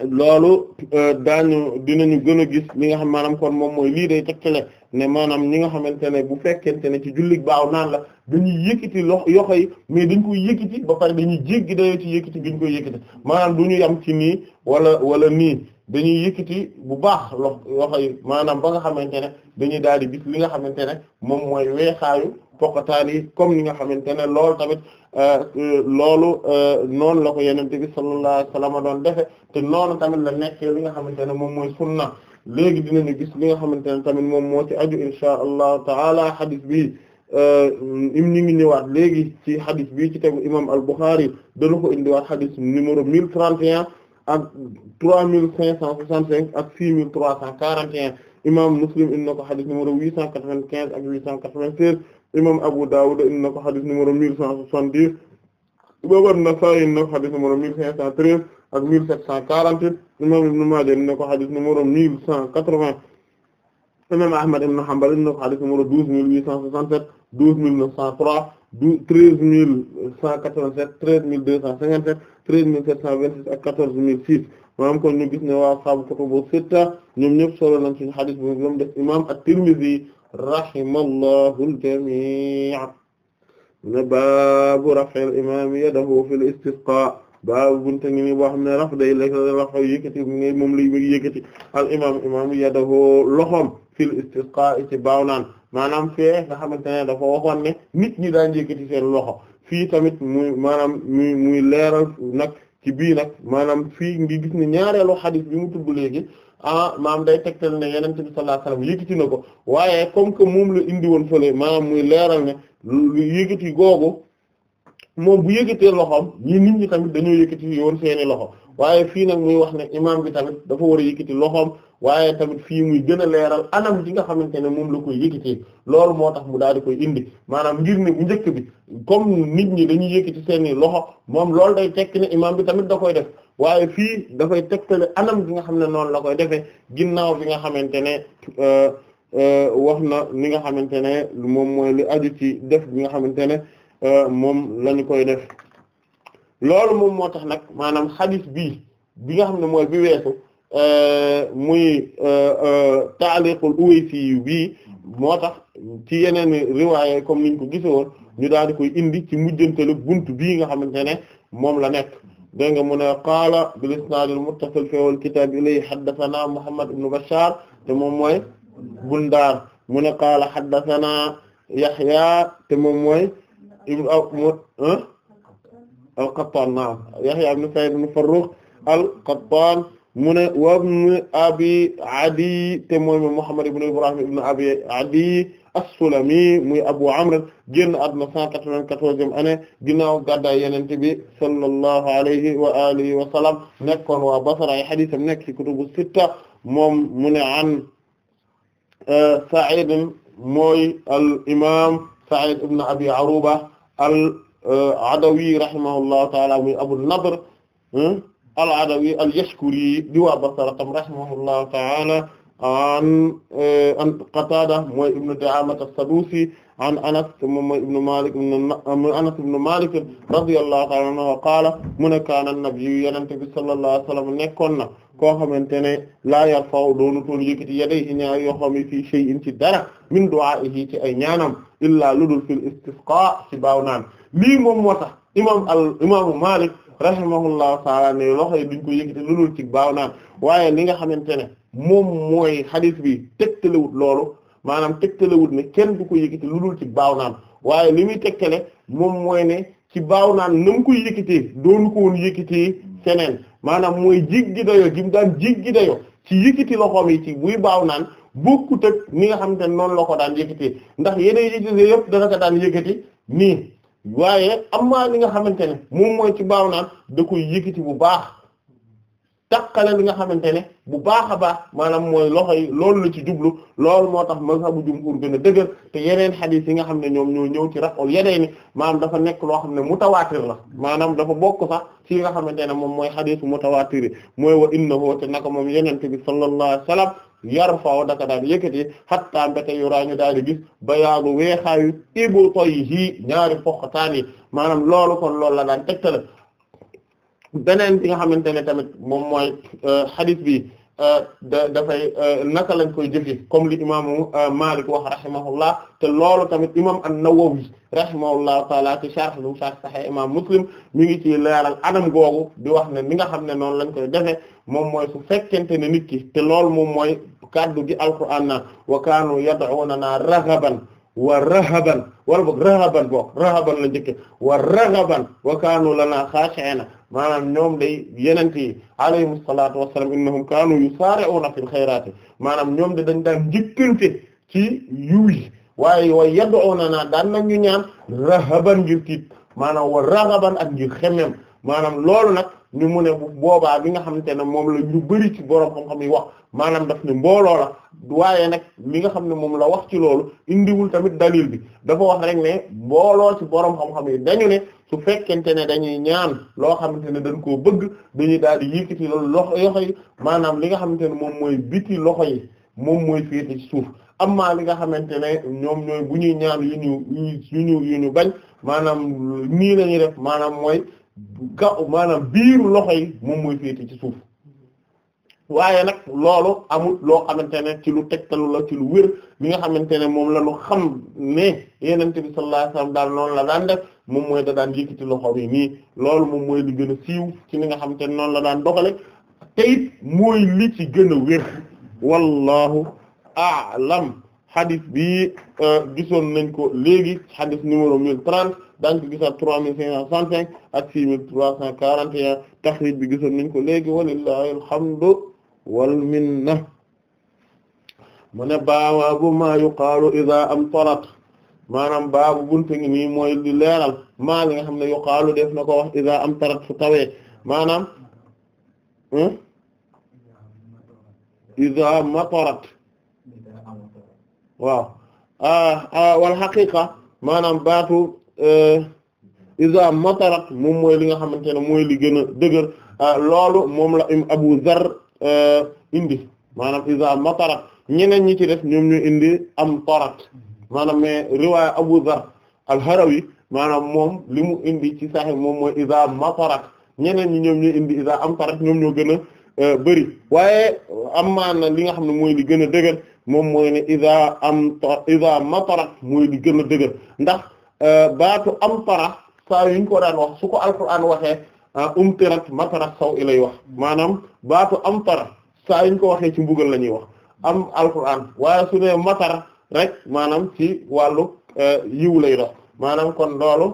loolu euh, daañu ñu gën a gis li nga xam maanaam kon moom mooy lii day tegtale ne maanaam ñi nga xamante ne bu fekkente ne ci jullit baaw naan la dañuy yëkkati loxo yoxo yi mais dañ koy yëkkati ba pare dañuy jéggi dayoo ci yëkkati bi ñu koy yëkkati maanaam du ñu yam ci nii wala wala nii dañuy yëkkati bu baax lox loxo yi maanaam ba nga xamante ne dañuy daal di gis li nga xamante ne moom mooy weexaayu poqataan yi comme ni nga xamante ne loolu tamit Euh, euh, loolu euh, noonu la ko yenente bi sallallahu alayhi wasallam doon defe te noonu tamit la nekkee li nga xamante ne moom mooy sunna léegi dinañu gis li nga xamante ne tamit moom moo ci aju inshaa allahu taala hadith bi im ñu ngi ñëwaat léegi ci hadith bi ci tegu imam al-Bukhari dana ko indiwaat hadith numéro mille trente et ak trois mille cinq cent cinq ak six mille trois cent quarante et un imam Muslim indi na ko hadith numéro huit cent quatre-vingt-quinze ak huit cent quatre imam Abu Dawud indi na ko xadis numéro mille cent soixante-dix imam An-Nasa'i indi na ko xadis numéro mille cent treize ak mille sept cent quarante-huit imam Ibn Maaja indi na ko xadis numéro mille cent quatre-vingts imam Ahmad ibn Hanbal indi na ko xadis numéro douze mille huit cent soixante-sept douze mille neuf cent trois treize mille cent quatre-vingt-sept treize mille deux cent cinquante-sept treize mille cent vingt-six ak quatorze mille six maanaam kon ñu gis ne waa ashaabu kutubu sitta ñoom ñëpp solo nañ ci xadis bi moom def imam At-Tirmidhi rahimallahu al-jamii' ne baabu raf'il imaam yadahu fil istisqaa baabu bunte ngi ni boo xam ne raf day lekk loxo yëkkati nga moom lay yëkkati al imaam imaam yadahu loxoom fil istisqaa ci baaw naan maanaam fee nga xamante ne dafa waxoon ne nit ñi daan yëkkati seen loxo fii tamit mu maanaam muy muy leeral nag ci bii nag maanaam fii ngi gis ne ñaareelu xadis bi mu tudd léegi ah maam day tegtal ne yeneen bi sallallahu alayhi wasallam na ko waaye comme que moom la indi woon fële maanaam muy leeral ne lu googu moom bu yëkkatee loxoom ñi nit ñi tamit dañoo yëkkati yoon seeni loxo waaye fii nag muy wax ne imaam bi tamit dafa war a loxoom waaye tamit fii muy gën a leeral anam gi nga xamante ne moom la koy yëkkatee loolu moo tax mu daal di koy indi maanaam ngir ne bu njëkk bi comme nit ñi dañuy yëkkati seeni loxo moom loolu day tekki ne imaam bi tamit da koy def waaye fii dafay tegtale anam bi nga xam ne noonu la koy defee ginnaaw bi nga xamante ne euh, euh, wax na li nga xamante ne moom mooy li aju ci def bi nga xamante ne euh, moom lañu koy def loolu moom moo tax nag maanaam xadis bii bi nga xam ne mooy bi weesu muy taaliqul Uwaysi bii moo tax ci yeneen riwaayé comme niñ ko gisowoon ñu daal di koy indi ci mujjantelu bunt bii nga xamante ne moom la nekk dégg nga mu ne qaala bil isnaadil muttasil fi al kitaab ilayhi haddathana Muhammad ibn Bashar te moom mooy Bundaar mu ne qaala haddathana Yahya te moom mooy ibn al-Qattaan naam Yahya ibn Sa'id ibn Farrukh al-Qattaan mu ne wa ibn Abi Adi te moom Muhammad ibn Ibrahim ibn Abi Adi as-Sulami muy Abu Amr génn àdduna 194e année ginnaaw gàddaay Yonent bi sallallahu alayhi wa alihi wa sallam nekkoon waa Basra ay hadiisam nekk ci kutubu sitta moom mu ne an euh, Sa'id mooy al-imaam Sa'id ibn Abi Aruba al-Adawi euh, rahimahullahu ta'ala muy Abu Nadr euh, al-Adawi al-Yashkuri di waa Basra tam rahimahullahu ta'ala an eh, an Qatada mooy ibnu Di'aama as-Saduusi an Anas moom mooy ibnu Maalik Anas ibnu Maalik radiyallahu ta'ala anhu qaala mu ne kaana an-nabiyyu yonent bi sallallahu alayhi wa sallam nekkoon na koo xamante ne laa yarfa'u doonu toon yëkkati yadayhi ñaari yoo xam ne fii shay'in ci dara min du'aa'ihi ci ay ñaanam illaa ludul fil istisqaa ci baaw naan lii moom moo tax imaam al imaamu Maalik rahimahullahu ta'ala ne loxo yi duñ ko yëkkati ludul ci baaw naan waaye li nga xamante ne. moom mooy xadis bi tegtalewut loolu maanaam tegtalewut ne kenn du ko yëkkati lu dul ci baaw naan waaye li muy tegtale moom mooy ne ci baaw naan na mu koy yëkkatee doonu ko woon yëkkatee feneen maanaam mooy jéggi dayoo gi mu daan jéggi dayoo ci yëkkati loxoom yi ci buy baaw naan bokkut ak ni nga xamante ne noonu la ko daan yëkkatee ndax yeneen yëkkati yëpp dana ko daan yëkkati nii waaye am na li nga xamante ne moom mooy ci baaw naan da koy yëkkati bu baax. takkale li nga xamante ne bu baax a baax maanaam mooy loxo yi loolu la ci jublu loolu moo tax ma mazhabu jumhur gën a dëgër te yeneen xadiis yi nga xam ne ñoom ñoo ñëw ci rafol yeneen ni dafa nekk loo xam ne mutawaatir la maanaam dafa bokk sax ci nga xamante ne moom mooy xadiisu mutawaatir mooy wa innahu te naka moom yenente bi sallallahu alayhi wasallam yar faw daka daan yëkkati hatta mbéte yuraañu daal di gis bayaanu weexaayu ibu toy yii ñaari foqtaan yi maanaam loolu kon loolu la daan tegtale beneen bi nga xamante ne tamit moom mooy euh, hadith bi euh, da dafay euh, naka lañ koy jëfe comme li imaamu Maalik wax rahimahullah te loolu tamit imaam an-Nawawi rahimahullahu taala ci sharh lu sharh Muslim mi ngi ci leeral anam googu di wax ne ni nga xam ne noonu lañ koy defe moom mooy su fekkente ne nit ki te loolu moom mooy kaddu gi alquran na wa kaanu yad'uunana raghaban wa rahaban wala boog rahaban boog rahaban la njëkke wa raghaban wa kaanu lana khashi'ina maanaam ñoom day yenente yi alayhim salaatu wassalaam innahum kaanu yusaari'uuna fil xayraati maanaam ñoom de dañ daan njëkkante ci yiw yi waaye wa na daan nag ñu ñaan rahaban ngir tiit maanaam wa rahaban ak ngir xemem maanaam loolu nag ñu mu ne boobaa bi nga xamante ne moom la ñu bëri ci boroom xam-xam yi wax maanaam daf ne mbooloo la waaye nag li nga xam ne moom la wax ci loolu indiwul tamit dalil bi dafa wax rek ne mbooloo ci boroom xam-xam yi dañu ne su fekkente ne dañuy ñaan loo xamante ne dañ ko bëgg dañuy daal di yëkkati loolu loxo yi maanaam li nga xamante ne moom mooy biti loxo yi moom mooy féete suuf am maa li nga xamante ne ñoom ñooy bu ñuy ñaan yu ñu yu ñu yu ñu bañ maanaam nii la def maanaam mooy gaw maanaam biiru loxo yi moom mooy féete ci suuf waaye nag loolu amul loo xamante ne ci lu tegtalu la ci lu wér li nga xamante ne moom la ñu xam ne yenente bi sallallahu alayhi daal noonu la daan def moom mooy da daan yëkkati loxo bi nii loolu moom mooy li gën a siiw ci li nga xamante ne noonu la daan doxale te it mooy li ci gën a wér wallahu a'lam xadis bi euh, gisoon nañ ko léegi xadis numéro mille trente daañu ko gisaat trois mille cinq cent soixante-cinq ak six mille trois cent quarante et un taxriij bi gisoon nañ ko léegi walillahi alhamdu wal minna mu ne baabu maa yuqaalu idaa amtarat maanaam baabu buntu ngi nii mooy li leeral maa li nga xam ne yuqaalu def na ko wax idaa amtarat fu tawee maanaam hmm? idaa waaw ah, ah, wal xaqiqa maanaam baatu eh, iza matarat moom mooy li nga xamante ne mooy li gën a dëgër ah, loolu moom la im Abu Zar eh, indi maanaam iza matarat ñeneen ñi ci def ñoom ñu indi am tarat maanaam mais riwaaya Abu Zar al-Harawi maanaam moom li mu indi ci Sahih moom mooy iza matarat ñeneen ñi ñoom ñu indi iza am tarat ñoom ñoo gën a eh, bëri waaye amaan na li nga xam ne mooy li gën a dëgër moom mooy ne ida am ta ida matara li gën a dëgër ndax euh, baatu am tara saa yuñ ko daan wax su ko alquran waxee ah, umtirat matara saw ilay wax maanaam baatu am tara saa yuñ ko waxee ci mbugal la ñuy wax am alquran waaye su ne matara rek maanaam ci wàllu euh, yiw lay dox maanaam kon loolu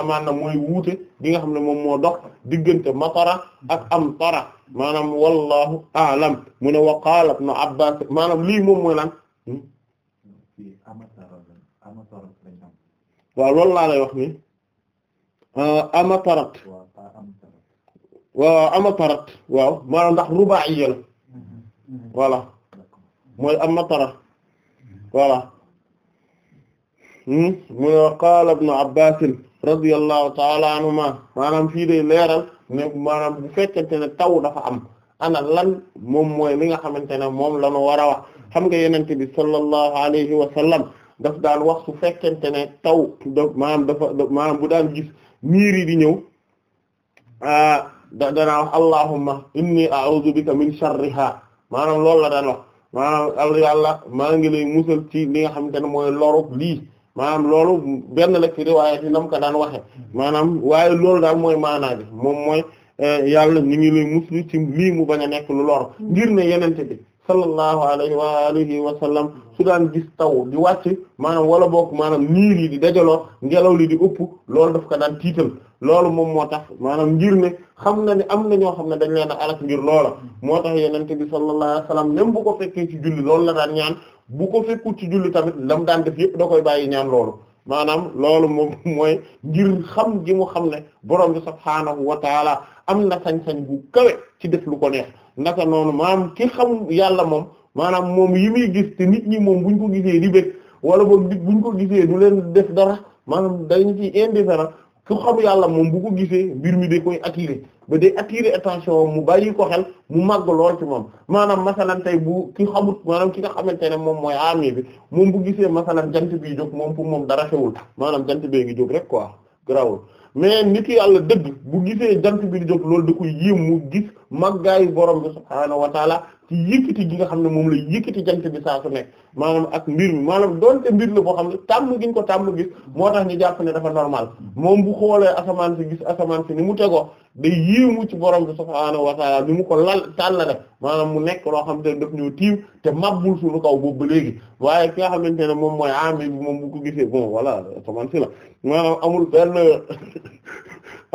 amaan na mooy wuute bi nga xam ne moom moo dox diggante matara ak am tara maanaam wallahu a'lam mu ne wa qaala ibn Abbas maanaam lii moom mooy lan waaw loolu laa lay wax ni amatarat waaw amatarat waaw maanaam ndax ruba'iya la mm-hmm. voilà mm-hmm. mooy amatara voilà Hmm? mu ne qaala ibnu Abbaas radiyallahu ta'ala maanaam fii day leeral ne fekkente ne taw dafa am ana lan moom mooy li nga xamante ne moom la ñu war a wax xam nga yenente bi sallallahu alayhi wa sallam daf daan wax su fekkente ne taw da maanaam dafa bu daan gis niir yi di ñëw da danaa wax allahumma inni a'udhu bika min sharriha maanaam loolu la daan wax maanaam maa ngi musal ci li nga xamante ne mooy lorub lii maanaam loolu benn la ci riwaayat yi nam ko daan waxe maanaam waaye loolu daal mooy maanaa bi moom mooy eh, yàlla ñu ngi lay muslu ci lii mu bañ a nekk lu lor ngir ne yenente bi sallallahu alayhi wa alihi wa sallam su daan gis taw di wàcc maanaam wala boog maanaam niir yi di dajaloo ngelaw li di ëpp loolu daf ko daan tiital loolu moom moo tax maanaam ngir ne xam na ni am na ñoo xam ne dañ leen a alak ngir loola moo tax yenente bi sallallahu alayhi wa sallam même bu ko fekkee ci julli loolu la daan ñaan bu ko fekkut ci julli tamit lam daan def yëpp da koy bàyyi ñaan loolu maanaam loolu moom mooy ngir xam gi mu xam ne borom bi subhaanahu wa taala am na sañ-sañ bu kawe ci def lu ko neex naka noonu maanaam ki xam yàlla moom maanaam moom yi muy gis te nit ñi moom buñ ko gisee di bëgg wala boog buñ ko gisee du leen def dara maanaam dañ ci indifférent su xamu yàlla moom bu ko gisee mbir mi da koy attirer ba day attirer attention mu bàyyi ko xel mu màgg lool ci moom maanaam masalan tey bu ki xamut maanaam ki nga xamante ne moom mooy aami bi moom bu gisee masalan jant bi jóg moom pour moom dara xewul maanaam jant bee ngi jóg rek quoi grawul mais nit yàlla dëgg bu gisee jant bi di jóg loolu da koy yéem mu gis màggaayu borom bi subhaanahu wa taala ci yëkkati gi nga xam ne moom la yëkkati jant bi saa su nekk maanaam ak mbir mi maanaam doonte mbir la boo xam ne tàmm giñ ko tàmm gis moo tax ñu jàpp ne dafa normal moom bu xoolee asamaan si gis asamaan si ni mu tegoo day yéemu ci borom bi subhaanahu wa taala ni mu ko lal tàllale maanaam mu nekk loo xam te daf ñëw tiim te mabbul suñu kaw boobu ba léegi waaye ki nga xamante ne moom mooy aami bi moom bu ko gisee bon voilà asamaan si la maanaam amul benn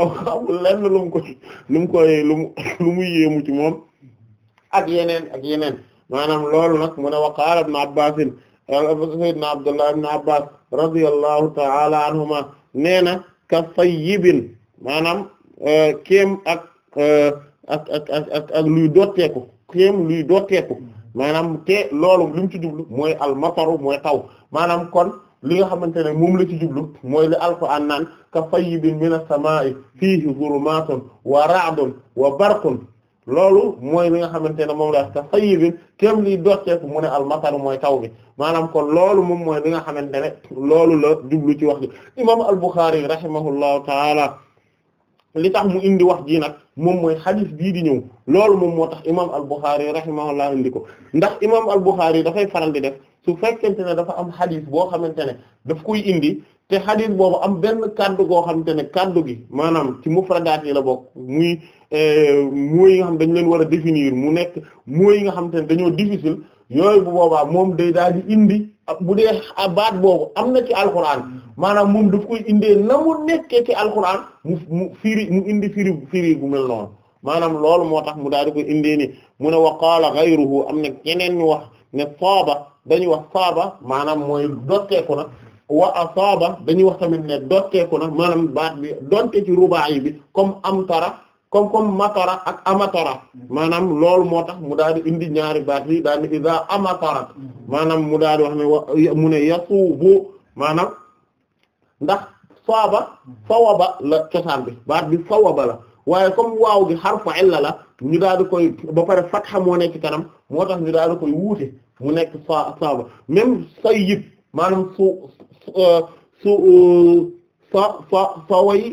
aw amul lenn lu mu ko lu mu koy lu mu lu mu ci moom ak yeneen ak yeneen maanaam loolu nag mu ne wa qaala ibn Abbaas sayyidina Abdullah ibn Abbaas radiyallahu ta'ala anhuma nee na ka sayyibin maanaam e, kéem e, ak ak ak ak ak luy dotteeku kéem luy dotteeku maanaam te loolu li mu ci jublu mooy al mataru mooy taw maanaam kon li nga xamante ne moom la ci jublu mooy li alquran naan ka fayyibin min as-samaa'i fiihi zulumaatun wa ra'dun wa barqun loolu mooy li nga xamante ne moom la ka fayyibin kéem liy docceeku mu ne almatar mooy taw bi maanaam kon loolu moom mooy li nga xamante ne loolu la jublu ci wax ji imam al-Bukhari rahimahullahu taala li tax mu indi wax ji nag moom mooy xadis bii di ñëw loolu moom moo tax imam al-Bukhari rahimahullah indi ko ndax imam al-Bukhari dafay faral di def su fekkente ne dafa am xadis boo xamante ne daf koy indi te xadis boobu am benn kaddu goo xamante ne kaddu gi maanaam ci mufradaat yi a bokk muy eh, mooy yi nga xam dañ leen war a définir mu nekk mooy yi nga xamante ne dañoo difficile yooyu bu boobaa moom day daal di indi bu dee baat boobu am na ci alquran maanaam moom daf koy indee na mu ci alquran mu mu firi indi firi firi bu mel noonu maanaam loolu moo tax mu daal di koy indee ni mu ne wa qaala ghayruhu am na ñeneen ñu wax. ne saaba dañuy wax saaba maanaam mooy dotteeku na wa asaaba dañuy wax tamit ne dotteeku na maanaam baat bi donte ci rubaayi bi comme amtara comme comme matara ak amatara maanaam lool moo tax mu daal di indi ñaari baat yi daal di iza amatara maanaam mu daal di wax ne mu ne yasuubu maanaam ndax saaba sawaba la cosaan bi baat bi sawaba la waaye comme waaw gi xarfu illa la ñu daal di koy ba pare fatxa moo nekk kanam moo tax ñu daal di koy wuute mu nekk sa saaba même sayyib maanaam su su fa fa faway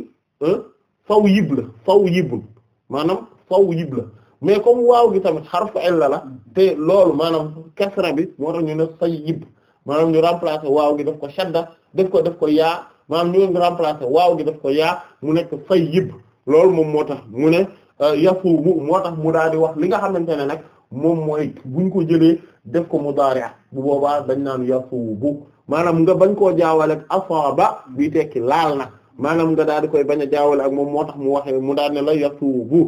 faw yib la faw yibul maanaam faw yib la mais comme waaw gi tamit xarfu illa la te loolu maanaam kasra bi moo tax ñu ne sayyib maanaam ñu remplacer waaw gi daf ko shadda daf ko daf ko yaa maanaam ñu remplacer waaw gi daf ko yaa mu nekk sayyib loolu moom moo tax mu ne euh, yafuumu moo tax mu daal di wax li nga xamante ne nag moom mooy buñ ko jëlee def ko mudaari' bu boobaa dañ naan yafuubu maanaam nga bañ koo jaawale ak afaaba bi tekki laal na maanaam nga daal di koy bañ a jaawale ak moom moo tax mu waxe mu daal ne la yafuubu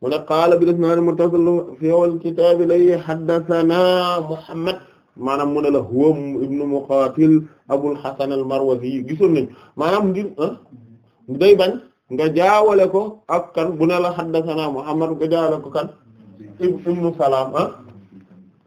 mu ne qaala bi isnaad muttasil fi awwal kitaab li haddathanaa Muhammad maanaam mu ne la huwa ibnu Muqaatil Abul Hasan al-Marwazi gisoon nañ maanaam ngir ah, day bañ nga jaawale ko ak kan bu ne la haddathana Muhammad nga jaawale ko kan ibnu Salaam ah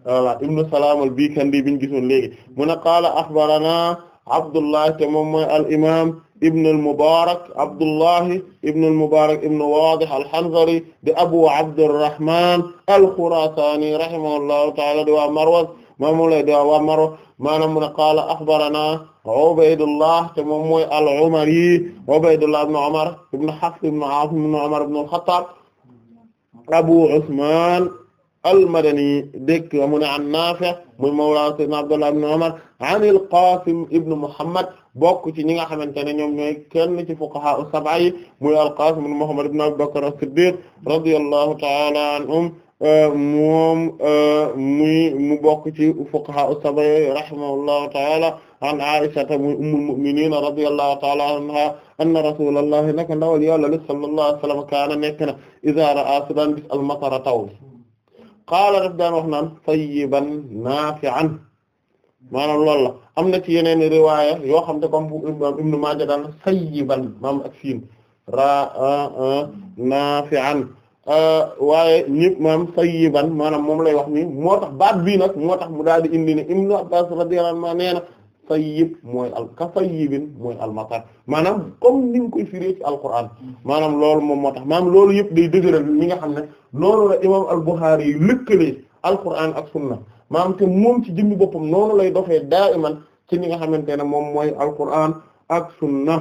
voilà ibnu Salaam al-Bikandi biñ gisoon léegi mu ne qaala akhbarana Abdullah te moom mooy al imaam ibn al-Mubarak Abdullahi ibn al-Mubarak ibn Wadih al-Hanzali di Abu Abdurrahman al-Khurasani rahimahullahu ta'ala di waa Marwaz moom mu lay doon waa Maroc maanaam mu ne qaala axbaranaa Ubaydullah te moom mooy al-Umari Ubaydullah ibn Umar ibn Hafs ibn Aasim ibn Umar ibn al-Khattab Abu Usman al-Madani dëkk mu ne an Naafi' muy mawla sayyidina Abdullah ibn Umar an al-Qasim ibn Muhammad bokk ci ñi nga xamante ne ñoom ñooy kenn ci fuqaha as-sab'a yi muy al-Qasim ibn Muhammad ibn Abu Bakr as-Siddiq radiyallahu ta'ala anhum Euh, moom euh, muy mu bokk ci fuqaha as-sab'a rahimahullahu ta'ala an Aisha muy ummul mu'minin radiyallahu ta'ala anha anna rasulallahi naka ndawal yàlla li sallallahu alayhi wa sallam kaana nekk na idha ra'a su daan gis al-matara taw qaala daf daan wax naan tayyiban naafi'an maanaam loolu la am na ci yeneen riwaaya yoo xam te comme Ibn Maaja daan sayyiban maam ak siin ra naafi'an Euh, waaye ñëpp maam sayyiban maanaam moom lay wax ni moo tax baat bii nag moo tax mu daal di indi ne Ibnu Abbaas radiyallahu anhu nee na sayyib mooy al ka sayyibin mooy al matar maanaam comme ni nga koy firee ci alquran maanaam loolu moom moo tax maanaam loolu yëpp day dëgëral mi nga xam ne noonu la imaam al-Bukhari yi lëkkalee alquran ak sunna maanaam te moom ci jëmmi boppam noonu lay dofee daa iman ci li nga xamante ne moom mooy alquran ak sunna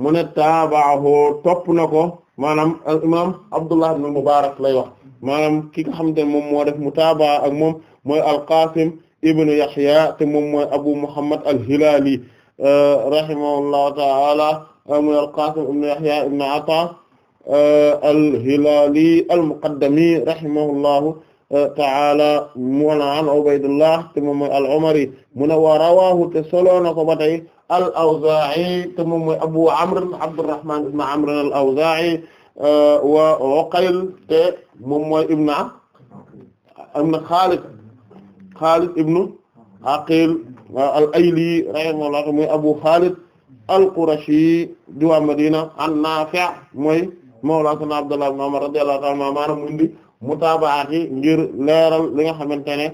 mu ne taabaahu topp na ko. maanaam al imaam Abdullah ibn Mubarak lay wax maanaam ki nga xamante ne moom moo def mutaabaa ak moom mooy al-Qasim ibn Yahya te moom mooy Abu Muhammad al-Hilali euh, rahimahullahu ta'ala mooy al-Qasim ibn Yahya ibn Ata euh, al-Hilali al-Muqaddami rahimahullahu euh, ta'ala mu an Ubaydullah te moom mooy al-Umari mu ne wa rawahu te solo na ko ba tey al-Awzaa'i te moom mooy Abu Amr Abdurrahman ibn Amr al-Awzaa'i euh, te moom mooy ibn ibn Xaalid Xaalid ibn Aqiil al-Ayli Abu Xaalid al-Qurashi di waa Madina an Naafi' mooy mawla sana Abdullah ibn Umar radiyallahu anhu maanaam mundi mutaabaat ngir leeral li nga xamante ne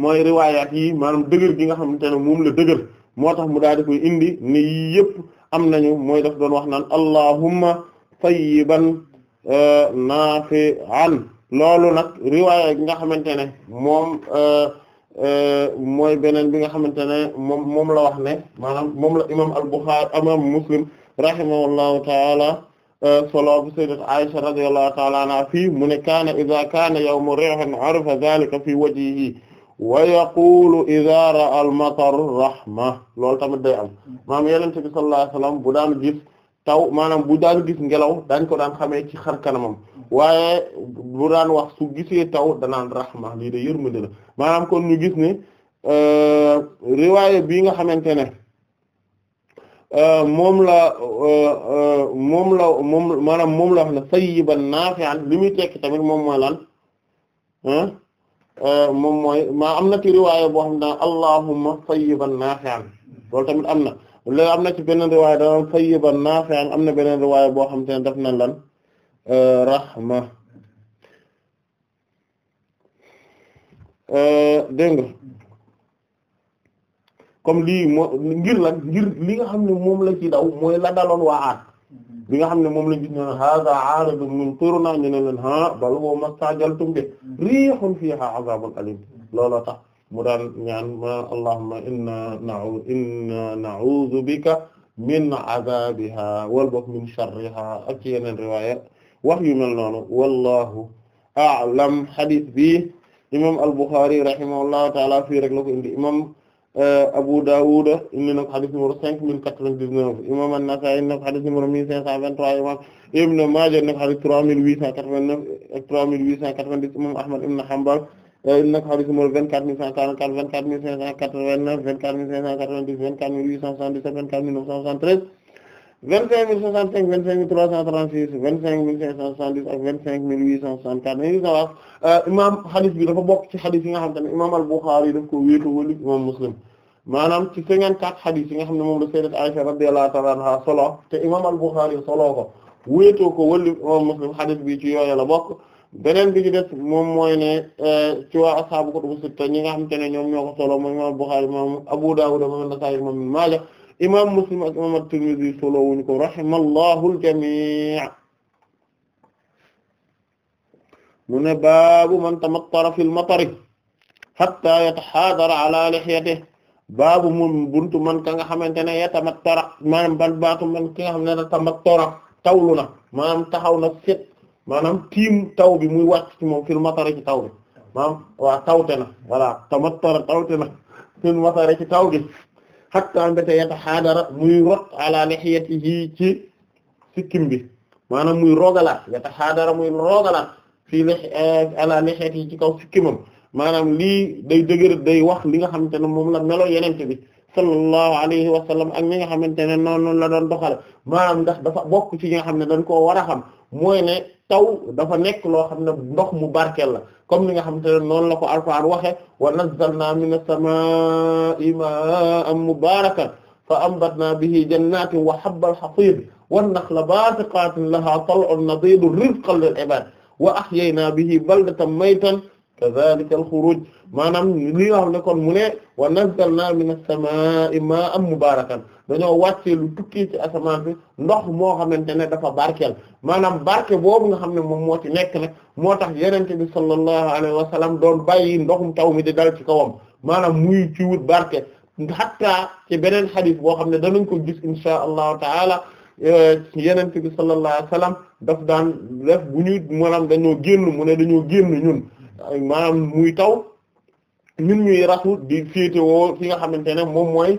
mooy riwaayaat yi maanaam dëgër gi nga xamante ne moom la dëgër moo tax mu daal di koy indi ne yëpp am nañu mooy daf doon wax naan allahumma tayyiban euh, naafi'an loolu nag riwaaya bi nga xamante ne moom euh, euh, mooy beneen bi nga xamante ne moom moom la wax ne maanaam moom la imam al-Bukhari imam Muslim rahimahullahu taala solo bu sayyidat Aisha radiyallahu taala anha fii mu ne kaana idha kaana yawmu rihin arifa dhalika fi wajhihi wa yaqulu idha ra'a al-matar rahma loolu tamit day am mm-hmm. maam yonent bi sallallahu alayhi wasallam bu daan gis taw maanaam bu daan gis ngelaw dañ ko daan xamee ci xar kanamam mm-hmm. waaye bu daan wax su gisee taw danaan rahma lii de yërmande la maanaam kon ñu gis ni euh, riwaaya bii nga xamante ne euh, moom la euh, moom la moom maanaam moom la wax ne sayyiban naafi'an li muy tekki tamit moom mooy Euh, moom mooy maa am na ci riwaaya boo xam ne allahumma tayyiban naafi'an loolu tamit am na léegi am na ci beneen riwaaya daan tayyiban naafi'an am na beneen riwaaya boo xam te ne def na lan euh, rahma euh, dégg nga comme lii mo ngir lan ngir li nga xam ne moom la ci daw mooy la daloon waa bi nga xam ne moom lañ gis ne hada aaradun mumtiruna ñu ne leen ha bal huwa mastajaltum bi rihun fiha azabun alim looloo tax mu daan ñaan ma allahumma inna na'u inna na'udhu bika min azabiha wal bok min sharriha ak ci yeneen riwaaya wax yu mel noonu wallahu a'lam hadith bi imam al-Bukhari rahimahullahu ta'ala fii rek la ko indi imam Euh, Abu Dawud indi na ko xadis numéro cinq mille quatre-vingt-dix-neuf imam An-Nasa'i indi na ko xadis numéro mille cinq cent vingt-trois imam Ibn Maaja indi na ko xadis trois mille huit cent quatre-vingt-neuf ak euh, trois mille huit cent quatre-vingt-dix imam Ahmad ibn Hanbal euh, indi na ko xadis numéro vingt-quatre mille cent quarante-quatre, vingt-quatre mille cinq cent quatre-vingt-neuf, vingt-quatre mille cinq cent quatre-vingt-dix, vingt-quatre mille huit cent soixante-dix-sept, vingt-quatre mille neuf cent soixante-treize vingt-cinq mille soixante-cinq vingt-cinq mille trois cent trente-six vingt-cinq mille cinq cent soixante-dix ak vingt-cinq mille huit cent soixante-quatre nañu sawaaf euh, bi dafa bokk ci hadith yi nga xam te ne imam al-Bukhari yi daf ko wéeto wali imam Muslim nga xam ne moom la sayyidat Aisha radiyallahu ta'ala anha solo te imam al-Bukhari solo ko wéetoo ko wali imam Muslim hadith bi ci yooyu la bokk beneen bi ci des moom mooy ne euh, ci waa ashaabu kutubu sitta ñi nga xam te ne ñoom ñoo ko solo moom imam al-Bukhari moom Abu Dawud moom Nasa'i moom Maaja imam Muslim ak imam At-Tirmidhi solo wuñu ko rahimallahu al-jami' mu ne baabu man tamattara fil matari hatta yatahaadara ala lihyatihi baabu mun buntu man ka nga xamante ne yatamattara maanaam ban baatu man ki nga xam ne tamattara tawlu na maanaam taxaw na set maanaam tiim taw bi muy wàcc ci moom fil matari ci taw bi maanaam waa tawte na voilà tamattara tawte na fil matari ci taw bi hatta mbéte yata xaadara muy rot ala lihiyatihi ci sikkim bi maanaam muy rogalaat yata xaadara muy rogalaat fii li eh, ala lihiyatihi ci kaw sikkimam maanaam lii day dëgër day wax li nga xamante ne moom la melo yenente bi sallallahu alayhi wa sallam ak ñi nga xamante ne noonu la doon doxal maanaam ndax dafa bokk ci ñi nga xam ne dañ koo war a xam mooy taw dafa nekk loo xam ne ndox mu barkeel la comme ni nga xamante ne noonu la ko Alxuraan waxe wa nazzalna minas samaa'i maa'an mubaarakan fa ambatna bihi jannatin wa habbal hasiid wan naxla baasiqaatin lahaa tal'un nadiid rizqan lil ibaad wa ahyayna bihi baldatan maytan kazaalika al-xuruuj maanaam li nga xam ne kon mu ne wa nazzalnaa mina samaa'i maa'an mubaarakan dañoo wàccee lu tukkee ci asamaan bi ndox moo xamante ne dafa barkeel maanaam barke boobu nga xam ne moom moo ci nekk nag moo tax yonent bi sallallahu alayhi wa sallam doon bàyyi ndoxum taw mi di dal ci kawam maanaam muy ci wut barke xattaa ci beneen xadiis boo xam ne danañ ko gis inshaa Allahu taala eh, yonent bi sallallahu alayhi wa sallam daf daan def bu ñu maanaam dañoo génn mu ne dañoo génn ñun. maanaam muy taw ñun ñuy rasu di féetewoo fi nga xamante ne moom mooy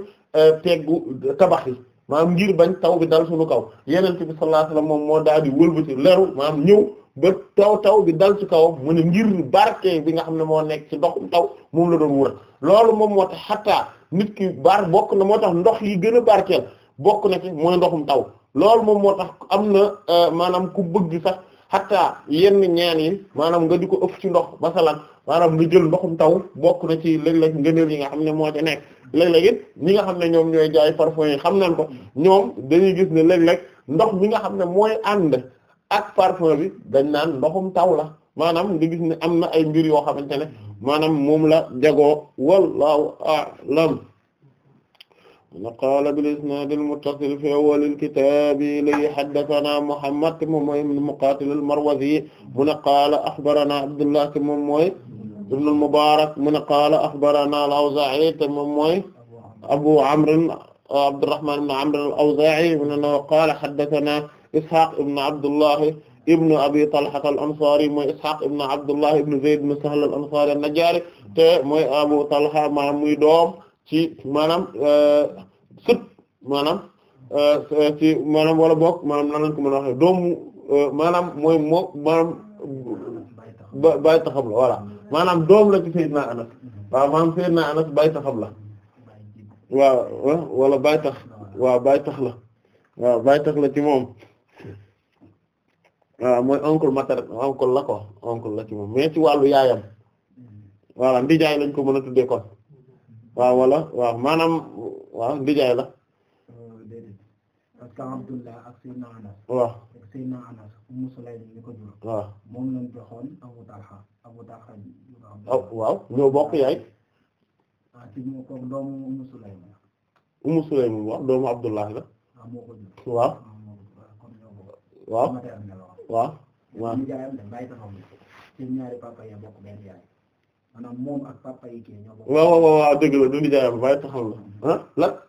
teggu euh, tabax yi maanaam ngir bañ taw bi dal suñu kaw yeneen bi sallallahu alayhi moom moo daal di wëlbati leru maanaam ñëw ba taw taw bi dal ci kaw mu ne ngir barke bi nga xam ne moo nekk ci ndoxum taw moom la doon wër loolu moom moo tax xattaa nit ki baar bokk na moo tax ndox yi gën a barkeel bokk na ci mooy ndoxum taw loolu moom moo tax am na euh, maanaam ku bëgg sax xatta yenn ñaan yi maanaam nga di ko ëpp ci ndox masalan maanaam nga jël ndoxum taw bokk na ci léeg-léeg ngëneel yi nga xam ne moo ci nekk léeg-léeg nga xam ne ñoom ñooy jaay parfum yi xam nañ ko ñoom dañuy gis ne léeg-léeg ndox mi nga xam ne mooy ànd ak parfum bi dañ naan ndoxum taw la maanaam nga gis ne am na ay mbir yoo xamante ne maanaam moom la jagoo wallahu a'lam na qaala bil-isnaad al-muttasil fi awwal al-kitaab li haddathanaa Muhammad moom mooy ibn Muqaatil al-Marwazi mu ne qaala akhbaranaa Abdullah moom mooy ibn al-Mubaarak mu ne qaala akhbaranaa al-Awzaa'i moom mooy Abu Amr Abdurrahmaan ibn Amr al-Awzaa'i mu ne qaala haddathanaa Ishaaq ibn Abdullahi ibn Abi Talha al-Ansaari mooy Ishaaq ibn Abdullahi ibn Zayd ibn Sahl al-Ansaari an-Najjaari te mooy Abu Talha maa muy doom. ci maanaam euh, sët maanaam euh, euh, ci maanaam wala boog maanaam nan lañ ko mën a waxee doomu maanaam mooy moo maanaam bàyyi taxam la voilà maanaam doom la ci Seydina Anas waaw maanaam Seydina Anas bàyyi taxam la waaw wala bàyyi waaw bàyyi la waaw bàyyi ci moom waaw mooy oncle maternel oncle la ko oncle la ci moom mais ci wàllu yaayam voilà ndijaay lañ ko mën a tuddee kon waaw wala waaw maanaam waaw ndijaay la oh, parce waaw ko waaw moom oh, bokk yaay ah ci moo ko doomu Ummu Sulaym Ummu Sulaym waaw doomu Abdullah la ah, ah, ah, waaw waaw waaw waaw maanaam moom ak papa yi kii waaw waaw waaw la du nijaayam baay taxaw la ah lan. a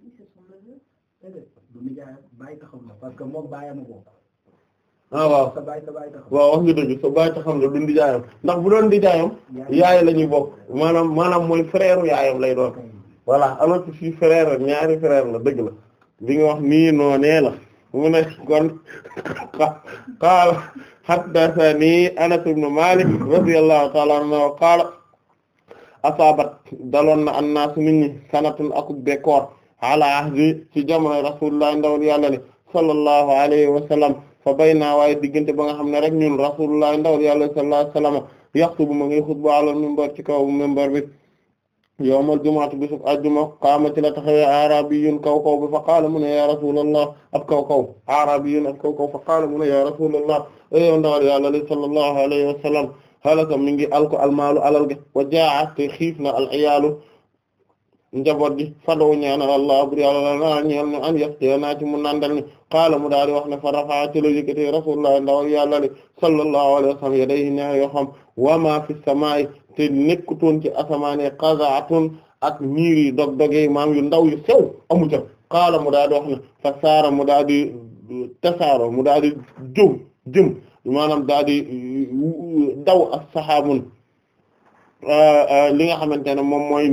dit c'est son neveu. du parce que moom baayam bokk. ah baay sa wax nga dëgg sa baay taxaw la du nijaayam ndax bu doon nijaayam. yaay la ñuy bokk maanaam maanaam mooy frère yaayam lay doon. voilà alors que fii frère ñaari frère la dëgg la li nga wax nii noonee la. mu ne kon qaala haddathani Anas ibn Malik radiyallahu ta'ala anhu qaala asaabat daloon na annaas nit ñi sanatun akub bekkoor la ahdi ci jamono rasulullah ndawal yàlla ne sallallahu alayhi wa fa bay naa waaye diggante ba nga xam ne rek ñun rasulullah ndawal yàlla sallallahu alayhi wa sallam yaxtubu ma ngi xutba ala minbar ci kaw minbar bi yawmal jumaatu bisub ajjuma qaama ci la taxawee aarabiyun kaw kaw bi fa qaala mu ne yaa rasulallah ab kaw kaw aarabiyun ab kaw kaw fa qaala mu ne yaa rasulallah yow ndawal yàlla li sallallahu alayhi wa sallam halaka mi ngi alko almaalu alal ge wa jaa te xiif na al iyaalu njaboot gi fadaw ñaanal allah bur yàlla la ñeel ñu an yaftiya naa ci mu nandal ni qaala mu daal di wax ne fa rafaa ci la yëkkati rasulullah ndawal yàlla li sallallahu alayhi wa sallam yadayhi naa yoo xam wa ma fi samaa'i te nekkutoon ci asamaanee qazaatun ak niir yi dog maam yu ndaw yu sew amu ca qaala mu daal di wax ne fa saara mu daal di tasaaro mu daal di jëm jëm uh, daw ak saxaabun uh, uh, li nga xamante ne moom mooy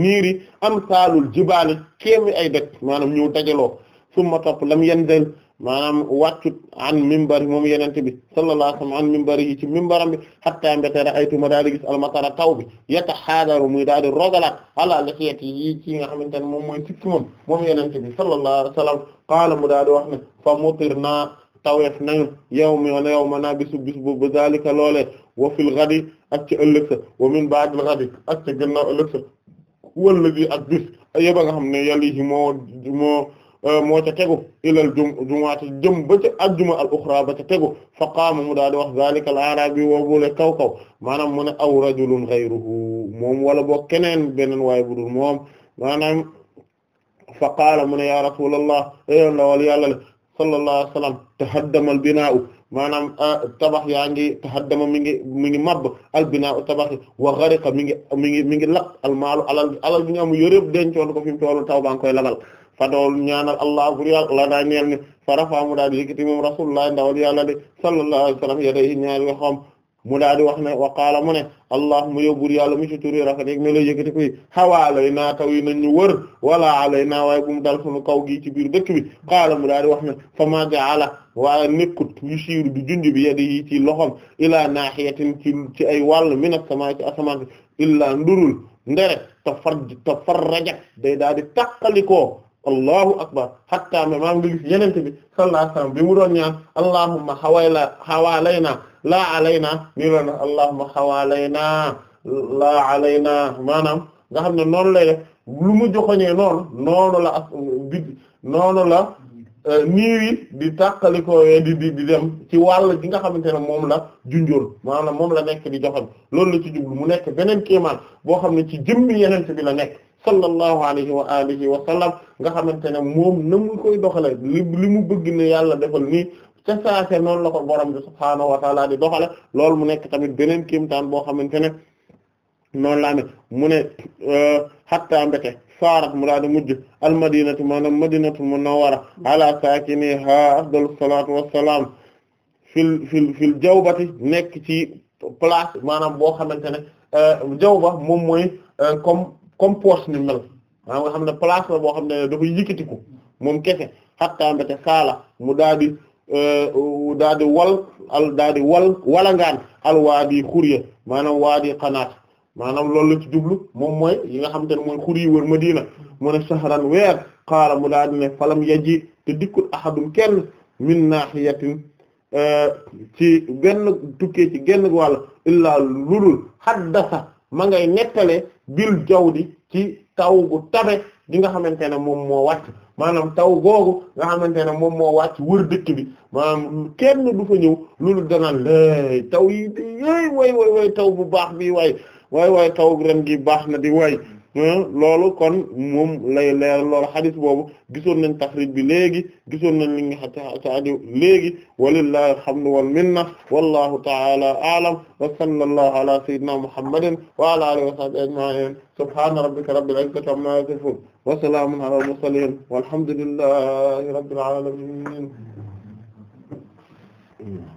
niir yi am saalul jibaale kéemi ay dëkk maanaam ñëw dajaloo summa topp lam yendel maanaam wàccut an mimbari moom yenente bi sallallahu alayhi wa sallam an mimbari yi ci mimbaram bi hatta mbetera aytu ma daal di gis almatara taw bi yetta xaadaru muy daal di rogalaat ala lafiyet yi ci nga xamante ne moom mooy sikki moom moom yenente bi sallallahu alayhi wa sallam qaala mu daal di wax ne fa mutirna tawef nañu yow mi yow ma naa bisu bis bu ba zalika loolee wa fil ghadi ak ci ëllëg sa wa min ba'dil ghadi ak ci gannaaw ëllëg sa walla bi ak bis yëba nga xam ne yàlla yi moo moo Euh, moo ca tegu ilal jum jumaata jëm ba ca ajjuma al uxra ba ca tegu fa qaama mu daal di wax zalika al arabi woobule kaw kaw maanaam mu ne aw rajulun ghayruhu moom wala boo keneen beneen waay budul moom maanaam fa qaala mu ne ya rasulallah yoon lawal yàlla le sallallahu alayhi wa sallam tahaddamal binaa'u maanaam euh, tabax yaa ngi tahaddama mi ngi mi ngi màbb albinaa tabax yi wa ghariqa mi ngi mi ngi mi ngi lakk almaalu alal alal bi ñu am yërëb dencoon ko fi mu taw baa ngi koy labal fa dool ñaanal allah bur yàlla la daa ñeel ni farafa mu daa di yëkkati moom rasulullah ndawal yàlla de sallallahu alayhi wa sallam yadayhi ñaari loxoom mu daa di wax ne wa qaala mu ne allahumma yow bur yàlla mu ci turi rafet yi melo yëkkati koy xawaalay naa taw yi nañ ñu wër wala alay naa waaye bu mu dal sunu kaw gi ci biir dëkk bi qaala mu daa di wax ne fa ma ja'ala waaye nekkut yu siiru du junj bi yadi yi ci loxoom ilaa naahiyatin ci ci ay wàll min as-samaa ci asamaan illaa ndurul ndere tafarrajat day daa di tàqalikoo allahu akbar hatta ma maa ngi gis yenente bi sallallahu alayhi wasallam bi mu doon ñaan allahumma hawayla hawalayna la alayna nii loon allahumma hawalayna la alayna maanaam nga xam ne noonu lay lu mu joxoñee noonu noonu la ak bi noonu la euh, niiri di tàqalikooyee di di di dem ci wàll gi nga xamante ne moom la junjoon maanaam moom la nekk di joxoñ loolu la ci jublu mu nekk beneen kiimaan boo xam ne ci jëm yenente bi la nekk sallallahu alayhi wa alihi wa sallam nga xamante ne moom na mu koy doxale li li mu bëgg ne yàlla defal nii ca noonu la ko borom bi subhaanahu wa taala di doxale loolu mu nekk tamit beneen kéimtaan boo xamante ne noonu laa ne mu ne euh, hatta mbete saarat mu daa di mujj almadinatu maanaam madinatul munawwara ala saakiniha afdalu salaatu wassalaam fil fil fil jawbati nekk ci place maanaam boo xamante ne euh, jawba moom mooy euh, comme poche ni mel maa nga xam ne place la boo xam ne dafa yëkkatiku moom kese xattaa mbéte saala mu daa di euh, daa di wal wala ngaan di wal walangaan al waadi xuriya maanaam waadi xanaat maanaam loolu la ci jublu moom mooy yi nga xam te ne mooy xur yi wër Madina moo ne sahran weer xaala mu daa di ne falam yaji te dikkul ahadum kenn min naahiyatin euh, ci benn tukkee ci genn wàll illaa lulul haddasa ma ngay nettale bil jawdi ci taw gu tabe gi nga xamante ne moom moo wàcc maanaam taw googu nga xamante ne moom moo wàcc wër dëkk bi maanaam kenn du fa ñëw lu danaan lay taw yi di way way taw bu baax bi way way way taw ren gi baax na di way loolu kon moom lay leer loolu xadis boobu gisoon nañ taxrij bi léegi gisoon nañ li nga xata aju léegi walillahi alhamdu wal minna wallahu ta'ala a'lam wa sallallahu ala sayyidina muhammadin wa ala alihi wa sahbihi ajma'in subhana rabbika rabbil izzati amma yasifun wa salamun ala al mursalin walhamdulillahi rabbil alamin